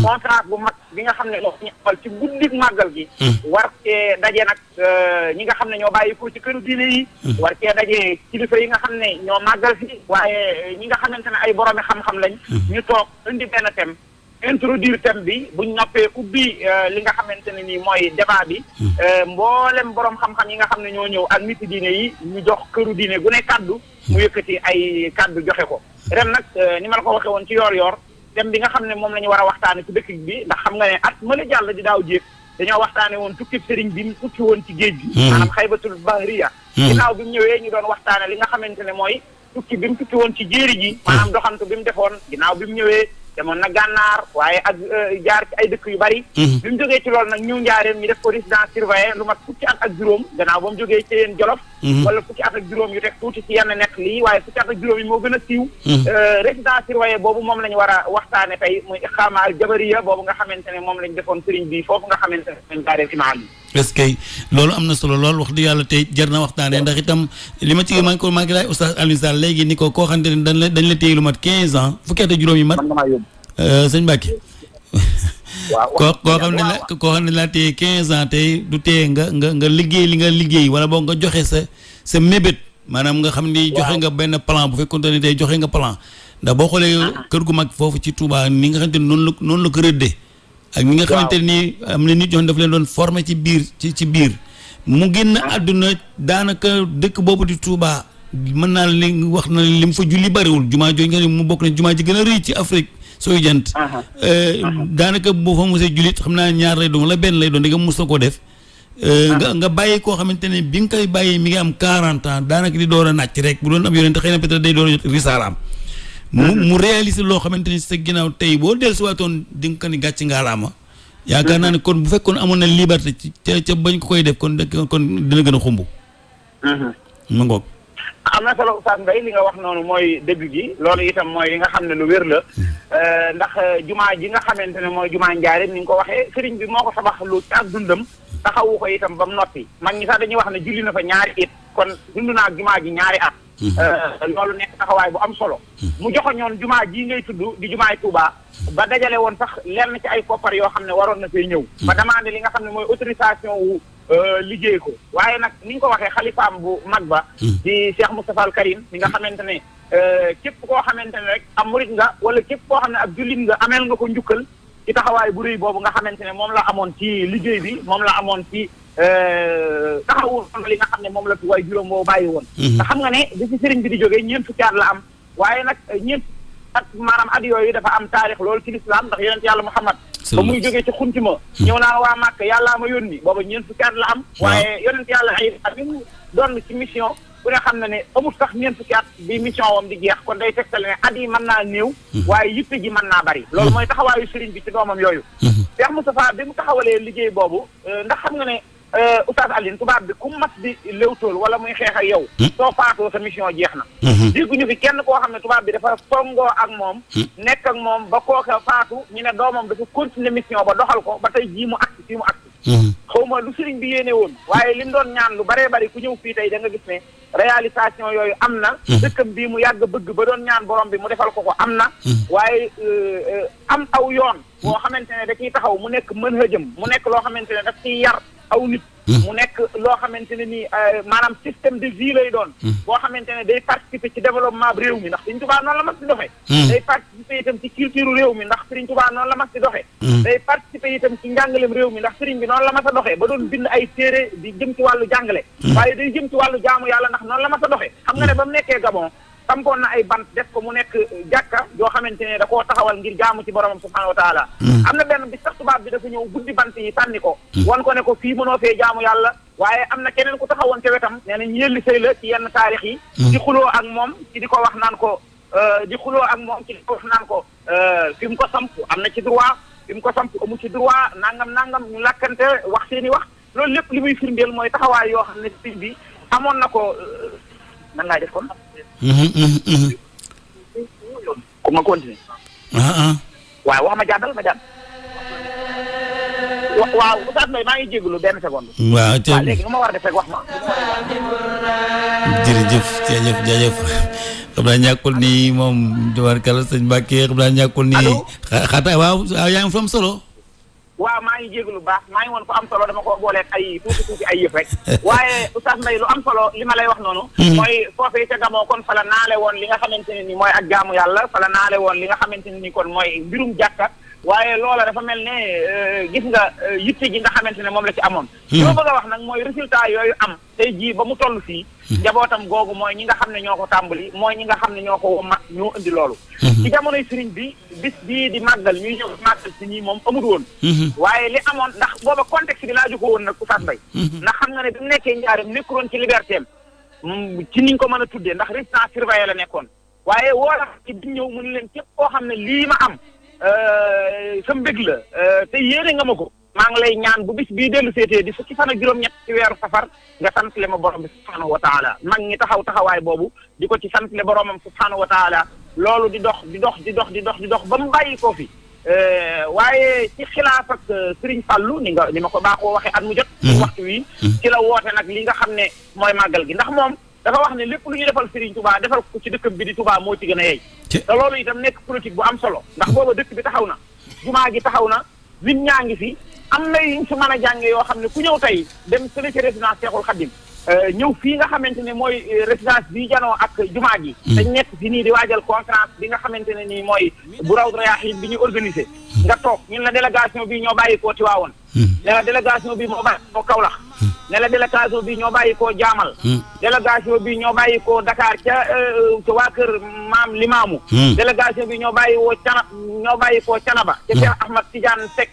waat conférence bu mag bi nga xam ne loolu ñu amal ci guddik màggal gi war cee daje nag ñi nga xam ne ñoo bàyyeekoo ci këru diine yi war cee daje kilifa yi nga xam ne ñoo màggal fi waaye euh, ñi nga xamante ne ay boromi xam-xam lañ hmm. ñu toog indi benn tem introduire thème bi buñ noppee bi euh, li nga xamante ne nii mooy débat bi hmm. euh, mboolem boroom xam-xam yi nga xam ne ñoo ñëw ak nit diine yi ñu jox këru diine gu ne kàddu mu hmm. yëkkati ay kàddu joxe ko ren nag euh, ni ma la ko waxee woon ci yoor-yoor thème bi nga xam ne moom la ñu war a waxtaane ci dëkk bi ndax xam nga ne at mën a jàll di daaw jéeg dañoo waxtaane woon tukki sëriñ bi mu tukki woon ci géej gi hmm. maanaam xaybatul bahriya ginnaaw bi mu ñëwee ñu doon waxtaane li nga xamante ne mooy tukki bi woon ci jéeri ji maanaam doxantu bi mu bi mu ñëwee demoon na gànnaar waaye ak euh, jaar ci ay dëkk yu bari. Mhm. bi mu jógee ci lool nag ñu njaareem mi def ko résidence surveillée lu mat fukki at ak juróom gannaaw ba mu jógee ci leen jolof mhm. wala fukki at ak juróom yu teg tuuti ci yenn nekk lii waaye fukki at ak juróom yi moo gën a siiw mhm. euh, résidence surveillée boobu moom la ñu war a waxtaane tey muy xaamaal jabariya boobu nga xamante ne moom lañ defoon sëriñ bi foofu nga xamante ne njaareem ci maam yi est-ce que loolu am na solo loolu wax du yàlla tey jar na waxtaanee ndax itam li ma ci maa ngi ko maa ngi laaj léegi ni ko koo ne dañ dañ la téye mat 15 ans fukki at juróom yi mat. Euh, sëñ Mbacke. [laughs] waaw koo koo xam ne la koo xam ne laa téye 15 ans tey du téye nga nga liggéey li nga liggéey wala boog nga joxee sa sa mébét maanaam nga xam ni. joxe nga benn palan bu fekkoon ne tey joxe nga palan ndax boo xoolee ah. kër gu mag foofu ci Touba ni nga xamante ne noonu la noonu la ko rëddee ak ñi nga xamante nii am na nit ñoo daf leen doon former ci biir ci ci biir mu génn ah. àdduna daanaka dëkk boobu di Touba mën naa li wax na li mu fa julli bariwul jumaa jooju nga xam ne mu bokk na jumaa ji gën a rëy ci Afrique sooy jant ah, ah. Euh, daanaka boo fa mosee jullit xam naa ñaar lay doon la benn lay doon da nga mos na ko def euh, nga nga bàyyi koo xamante ne bi nga koy bàyyi mi ngi am 40 ans daanaka di door a nàcc rek bu doon am yonente xëy na peut-être day door a jot mu mu réaliser loo xamante ni sa ginnaaw tey boo dellusiwaatoon di nga ko ni gàcc ngaalaama. yaakaar naa ne kon bu fekkoon amoon na liberté ci ca bañ ko koy def kon kon dina gën a xumb. Mm-hmm. mu ngoog. na solo Oustaz wax noonu mooy début gi loolu itam mooy li nga xam ne wér la mm. euh, ndax euh, jumaa ji nga xamante ne mooy jumaa njaareem ni ko waxee sëriñ bi moo ko tabax lu ak dundam taxawu ko itam ba noppi mag ñi sax dañuy wax ne julli na fa ñaari it kon dund naa ak jumaa ji ñaari at. Mm-hmm. Euh, loolu nekk taxawaay bu am solo. Mm-hmm. mu joxoñoon jumaa jii ngay tudd di jumaay Touba. Mm-hmm. ba dajale woon sax lenn ci ay koppar yoo xam ne waroon na fee ñëw. ba demandé li nga xam ne mooy autorisation wu euh, liggéey ko waaye nag ni nga ko waxee xalifaam bu mag ba. di Cheikh Moustapha Al Karim mi nga xamante ne. Euh, képp koo xamante ne rek am murit nga wala képp koo xam ne ak jullit nga ameel nga ko njukkal ci taxawaay bu rëy boobu nga xamante ne moom la amoon ci liggéey bi moom la amoon ci. Euh, taxawu li nga moom la fi waaye juróom boo bàyyi woon. Mhm. te xam nga ne bi ci sëriñ bi di jógee ñeent fukki at la am waaye nag euh, ñeent at maanaam at yooyu dafa am taarix loolu ci lislaam ndax yonent yàlla Muhammad ba muy jógee ci xunti ma. Mhm. ñëw naa waa màkk yàllaa ma yónni booba ñeent fukki at la am. waaye yonent yàlla ay bi doon ci mission. bu nga xam na ne amul sax ñeent fukki at bi mission wam di jeex kon day tegtale ne at yi naa néew mhm. waaye yitte ji mën naa bari loolu mooy taxawaayu sëriñ bi ci doomam yooyu Cheikh Moustapha bi Euh, Oustaz Alioune tubaab bi ku mas di léwtool wala muy xeex ak yow. Hmm? soo faatoo sa mission jeex na. Hmm. dégguñu fi kenn koo xam ne tubaab bi dafa songoo ak moom. Hmm? nekk ak moom ba kooka faatu ñu ne doomam dafa continuer mission ba doxal ko ba tey jii mu agsi fii mu agsi. xaw ma lu sëriñ bi yéene woon. waaye li mu doon ñaan lu baree bari ku ñëw fii tey da nga gis ne réalisation yooyu am na. dëkkam bii mu yàgg bëgg ba doon ñaan borom bi mu defal ko ko am na. waaye euh, euh, am aw yoon. boo xamante ne da ciy taxaw mu nekk mën hëjëm mu nekk loo xamante ne daf ciy yar. aw nit. Hmm. mu nekk loo xamante ne nii euh, maanaam système de vie lay doon. Hmm. boo xamante ne day participer ci développement réew mi ndax Serigne Touba noonu la mas di doxee. Hmm. day participer itam ci culture réew mi ndax Serigne Touba noonu la mas di doxee. day participer itam ci njàngaleem réew mi ndax Serigne bi noonu la mas a doxe ba doon bind ay téere di jëm ci wàllu jàngale. waaye day jëm ci wàllu jaamu yàlla ndax noonu la mas a doxee. xam nga ne ba mu nekkee Gabon. sampoon na ay bant def ko mu nekk jàkka joo xamante ne da koo taxawal ngir jaamu ci boromam subhaanahu wa taala hmm. am na benn bi sax tubaab bi dafa ñëw guddi bant yi sànni ko hmm. wan ko ne ko fii mënoo fee jaamu yàlla waaye am na keneen ku taxawoon ca wetam ne nañ yelli sëy la ci yenn taarix yi hmm. di xuloo ak moom ci di ko wax naan ko euh, di xuloo ak moom ci di ko wax euh, mu ko samp am na ci droit fi ko samp amu ci droit nangam nangam ñu lakkante wax seen i wax loolu lépp li muy firndeel mooy taxawaay yoo xam ne sëñ bi amoon na ko euh, nan laa def kon ma continuer. waaw wax ma jàddal ma jàdd. wa waaw Oustaz Mbaye maa ngi jégalu ni moom diwaan kàlla sëñ Mbacke xam naa ni. allo xataa yaa ngi fam solo. waaw maa ngi jéeg lu baax maa ngi woon ko am solo dama koo booleeg ay tuuti tuuti ay yëf rek [laughs] waaye oustaz Mbaye lu am solo li ma lay wax noonu mhm. mooy foofee ca gamoo kon fa la naale woon li nga xamante ne ni mooy ak jaamu yàlla fa la naale woon li nga xamante ne ni kon mooy mbirum jàkka waaye loola dafa mel ne euh, gis nga euh, yitte ji nga xamante ne moom la ci amoon. Hmm. li ma bëgg a wax nag mooy résultat yooyu am tey jii ba mu toll fii. Hmm. jabootam googu mooy ñi nga xam ne ñoo ko tàmbali mooy ñi nga xam ne ñoo ko woo mag ñoo indi loolu. Hmm. ci jamonoy sëriñ bi bis bii di màggal ñuy ñëw màggal si ñii moom amul woon. waaye li amoon ndax booba context bi laaju ko woon nag Oustaz Mbaye. ndax xam nga ne bi mu nekkee njaaram nekkuloon ci liberté am ci niñ ko mën a tuddee ndax résidence surveillée la nekkoon waaye woo la leen képp koo xam ne lii ma am Eh, sa mbég la eh, te yéene nga ma ko maa ngi lay ñaan bu bis bii dellu seetee di fukki fan ak juróom-ñett ci weeru safar nga sant le ma borom bi subhaanahu wa taala mag ñi taxaw taxawaay boobu di ko ci sant le boromam subhaanahu wa taala loolu di dox di dox di dox di dox di dox ba mu bàyyi koo fi eh, waaye ci xilaaf ak Serigne Fallou ni nga ni ma ko baaxoo waxee at mu jot. Mm-hmm. waxtu wi ci la woote nag li nga xam ne mooy màggal gi ndax moom. dafa wax ne lépp lu ñu defal Serigne Touba defal ko ci dëkkam bi di Touba moo ci gën a yey te loolu itam nekk politique bu am solo ndax mm. booba dëkk bi taxaw na jumaa gi taxaw na nit ñaa ngi fi am na yuñ si mën a jànge yoo xam ne ku ñëw tey dem sële ci résidence Cheikhoul Khadim euh, ñëw fii nga xamante ne mooy euh, résidence bii janoo ak jumaa ji dañ mm. nekk si nii di waajal conférence bi nga xamante ne nii mooy bu raw rayaxin bi ñu organiser nga toog ñun la délégation bi ñoo bàyyi koo Tiwaawoon ne mm. la bi moo bàyyi koo ne la délégation bi ñoo bàyyi koo jaamal hmm. délégation bi ñoo bàyyi koo dakaar ca euh, euh, ca waa kër maam li limaamu hmm. délégation bi ñoo bàyyi woo cana ñoo bàyyi koo canaba hmm. ca Cheikh Ahmad Tidiane Seck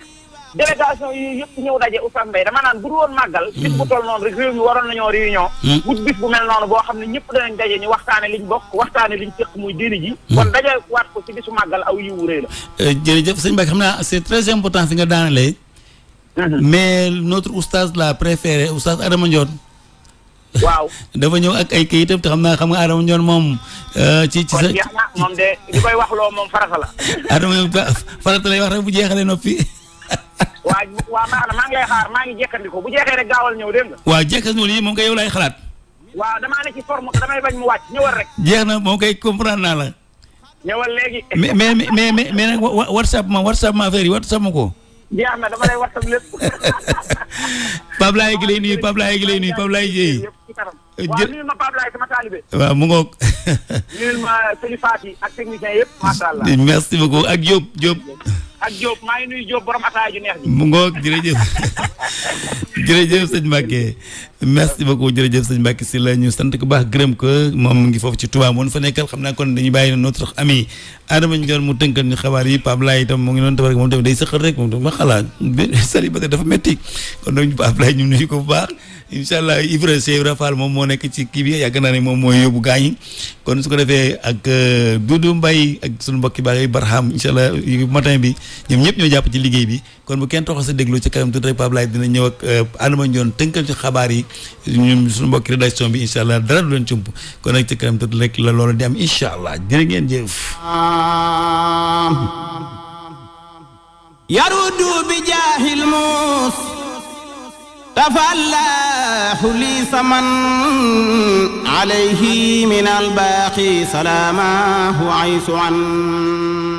délégation yi yëpp ñëw daje Oustaz Mbaye dama naan bu du woon màggal bis bu toll noonu rek réew mi waroon nañoo réunion wut bis bu mel noonu boo xam ne ñëpp danañ daje ñu waxtaane liñ bokk waxtaane liñ séq muy diini ji kon daje waat ko ci bisu màggal aw yiwu réy la euh, jërëjëf sëñ Mbaye xam naa c'est très important fi nga mais notre oustaz la préféré oustaz Adama Ndione. waaw [laughs] dafa ñëw ak ay kayitam te xam naa xam nga Adama Ndione moom. Euh, ci ci sa moom de li koy wax loo moom farata la. [laughs] Adama farata lay wax rek bu jeexalee no [laughs] waa waa baax na maa ngi bu jeexee rek gaawal ñëw dégg nga. waaw jekkandiku lii moom kay yow laay xalaat. waaw damaa ne ci forme te damay bañ mu wàcc ñëwal rek. jeex na moom kay comprendre naa la. ñëwal léegi. mais mais mais mais nag wa WhatsApp ma WhatsApp ma affaire yi WhatsApp ma ko. jeex na dama lay wax tam lépp. [laughs] Pape Laye gi lay nuyu Pape Laye gi lay nuyu Pape Laye Dieye. Eh, waaw nuyul ma Pape Laye sama mu ngoog. [laughs] nuyul ma sëñ ak technicien yëpp macha allah. [laughs] merci beaucoup ak Diop Diop. ak Diop borom ataaya ju neex ji. mu ngoog jërëjëf [laughs] jërëjëf sëñ Mbacke merci beaucoup jërëjëf sëñ Mbacke si la ñu sant ko baax gërëm ko moom ngi foofu ci Touba moom fa nekkal xam naa kon dañuy bàyyi notre ami Adama Ndione mu tënkal ñu xabaar yi Pape Laye itam ngi noonu tabaraka moom tamit day sëqal rek moom tamit ma xalaat célibataire dafa metti kon donc Pape Laye ñu nuyu ko bu baax. incha allah Ibra Seye moom moo nekk ci kii bi yàgg naa ne moom mooy yóbbu gaañi kon su ko defee ak euh, du Mbaye ak suñu mbokki baax yi Barham incha allah matin bi ñoom ñëpp ñoo jàpp ci liggéey bi kon bu kenn toxal sa déglu ci kanam tuuti rek Pape Laye dina ñëw ak euh, Adama Ndione tënkal ci xabaar yi ñu suñu mbokki rédaction bi incha allah dara du leen cump kon nag ci kanam tuuti rek la loolu di am incha allah jërë ngeen jëf tafallahu li saman alayhi min albaaqi salamahu aysu an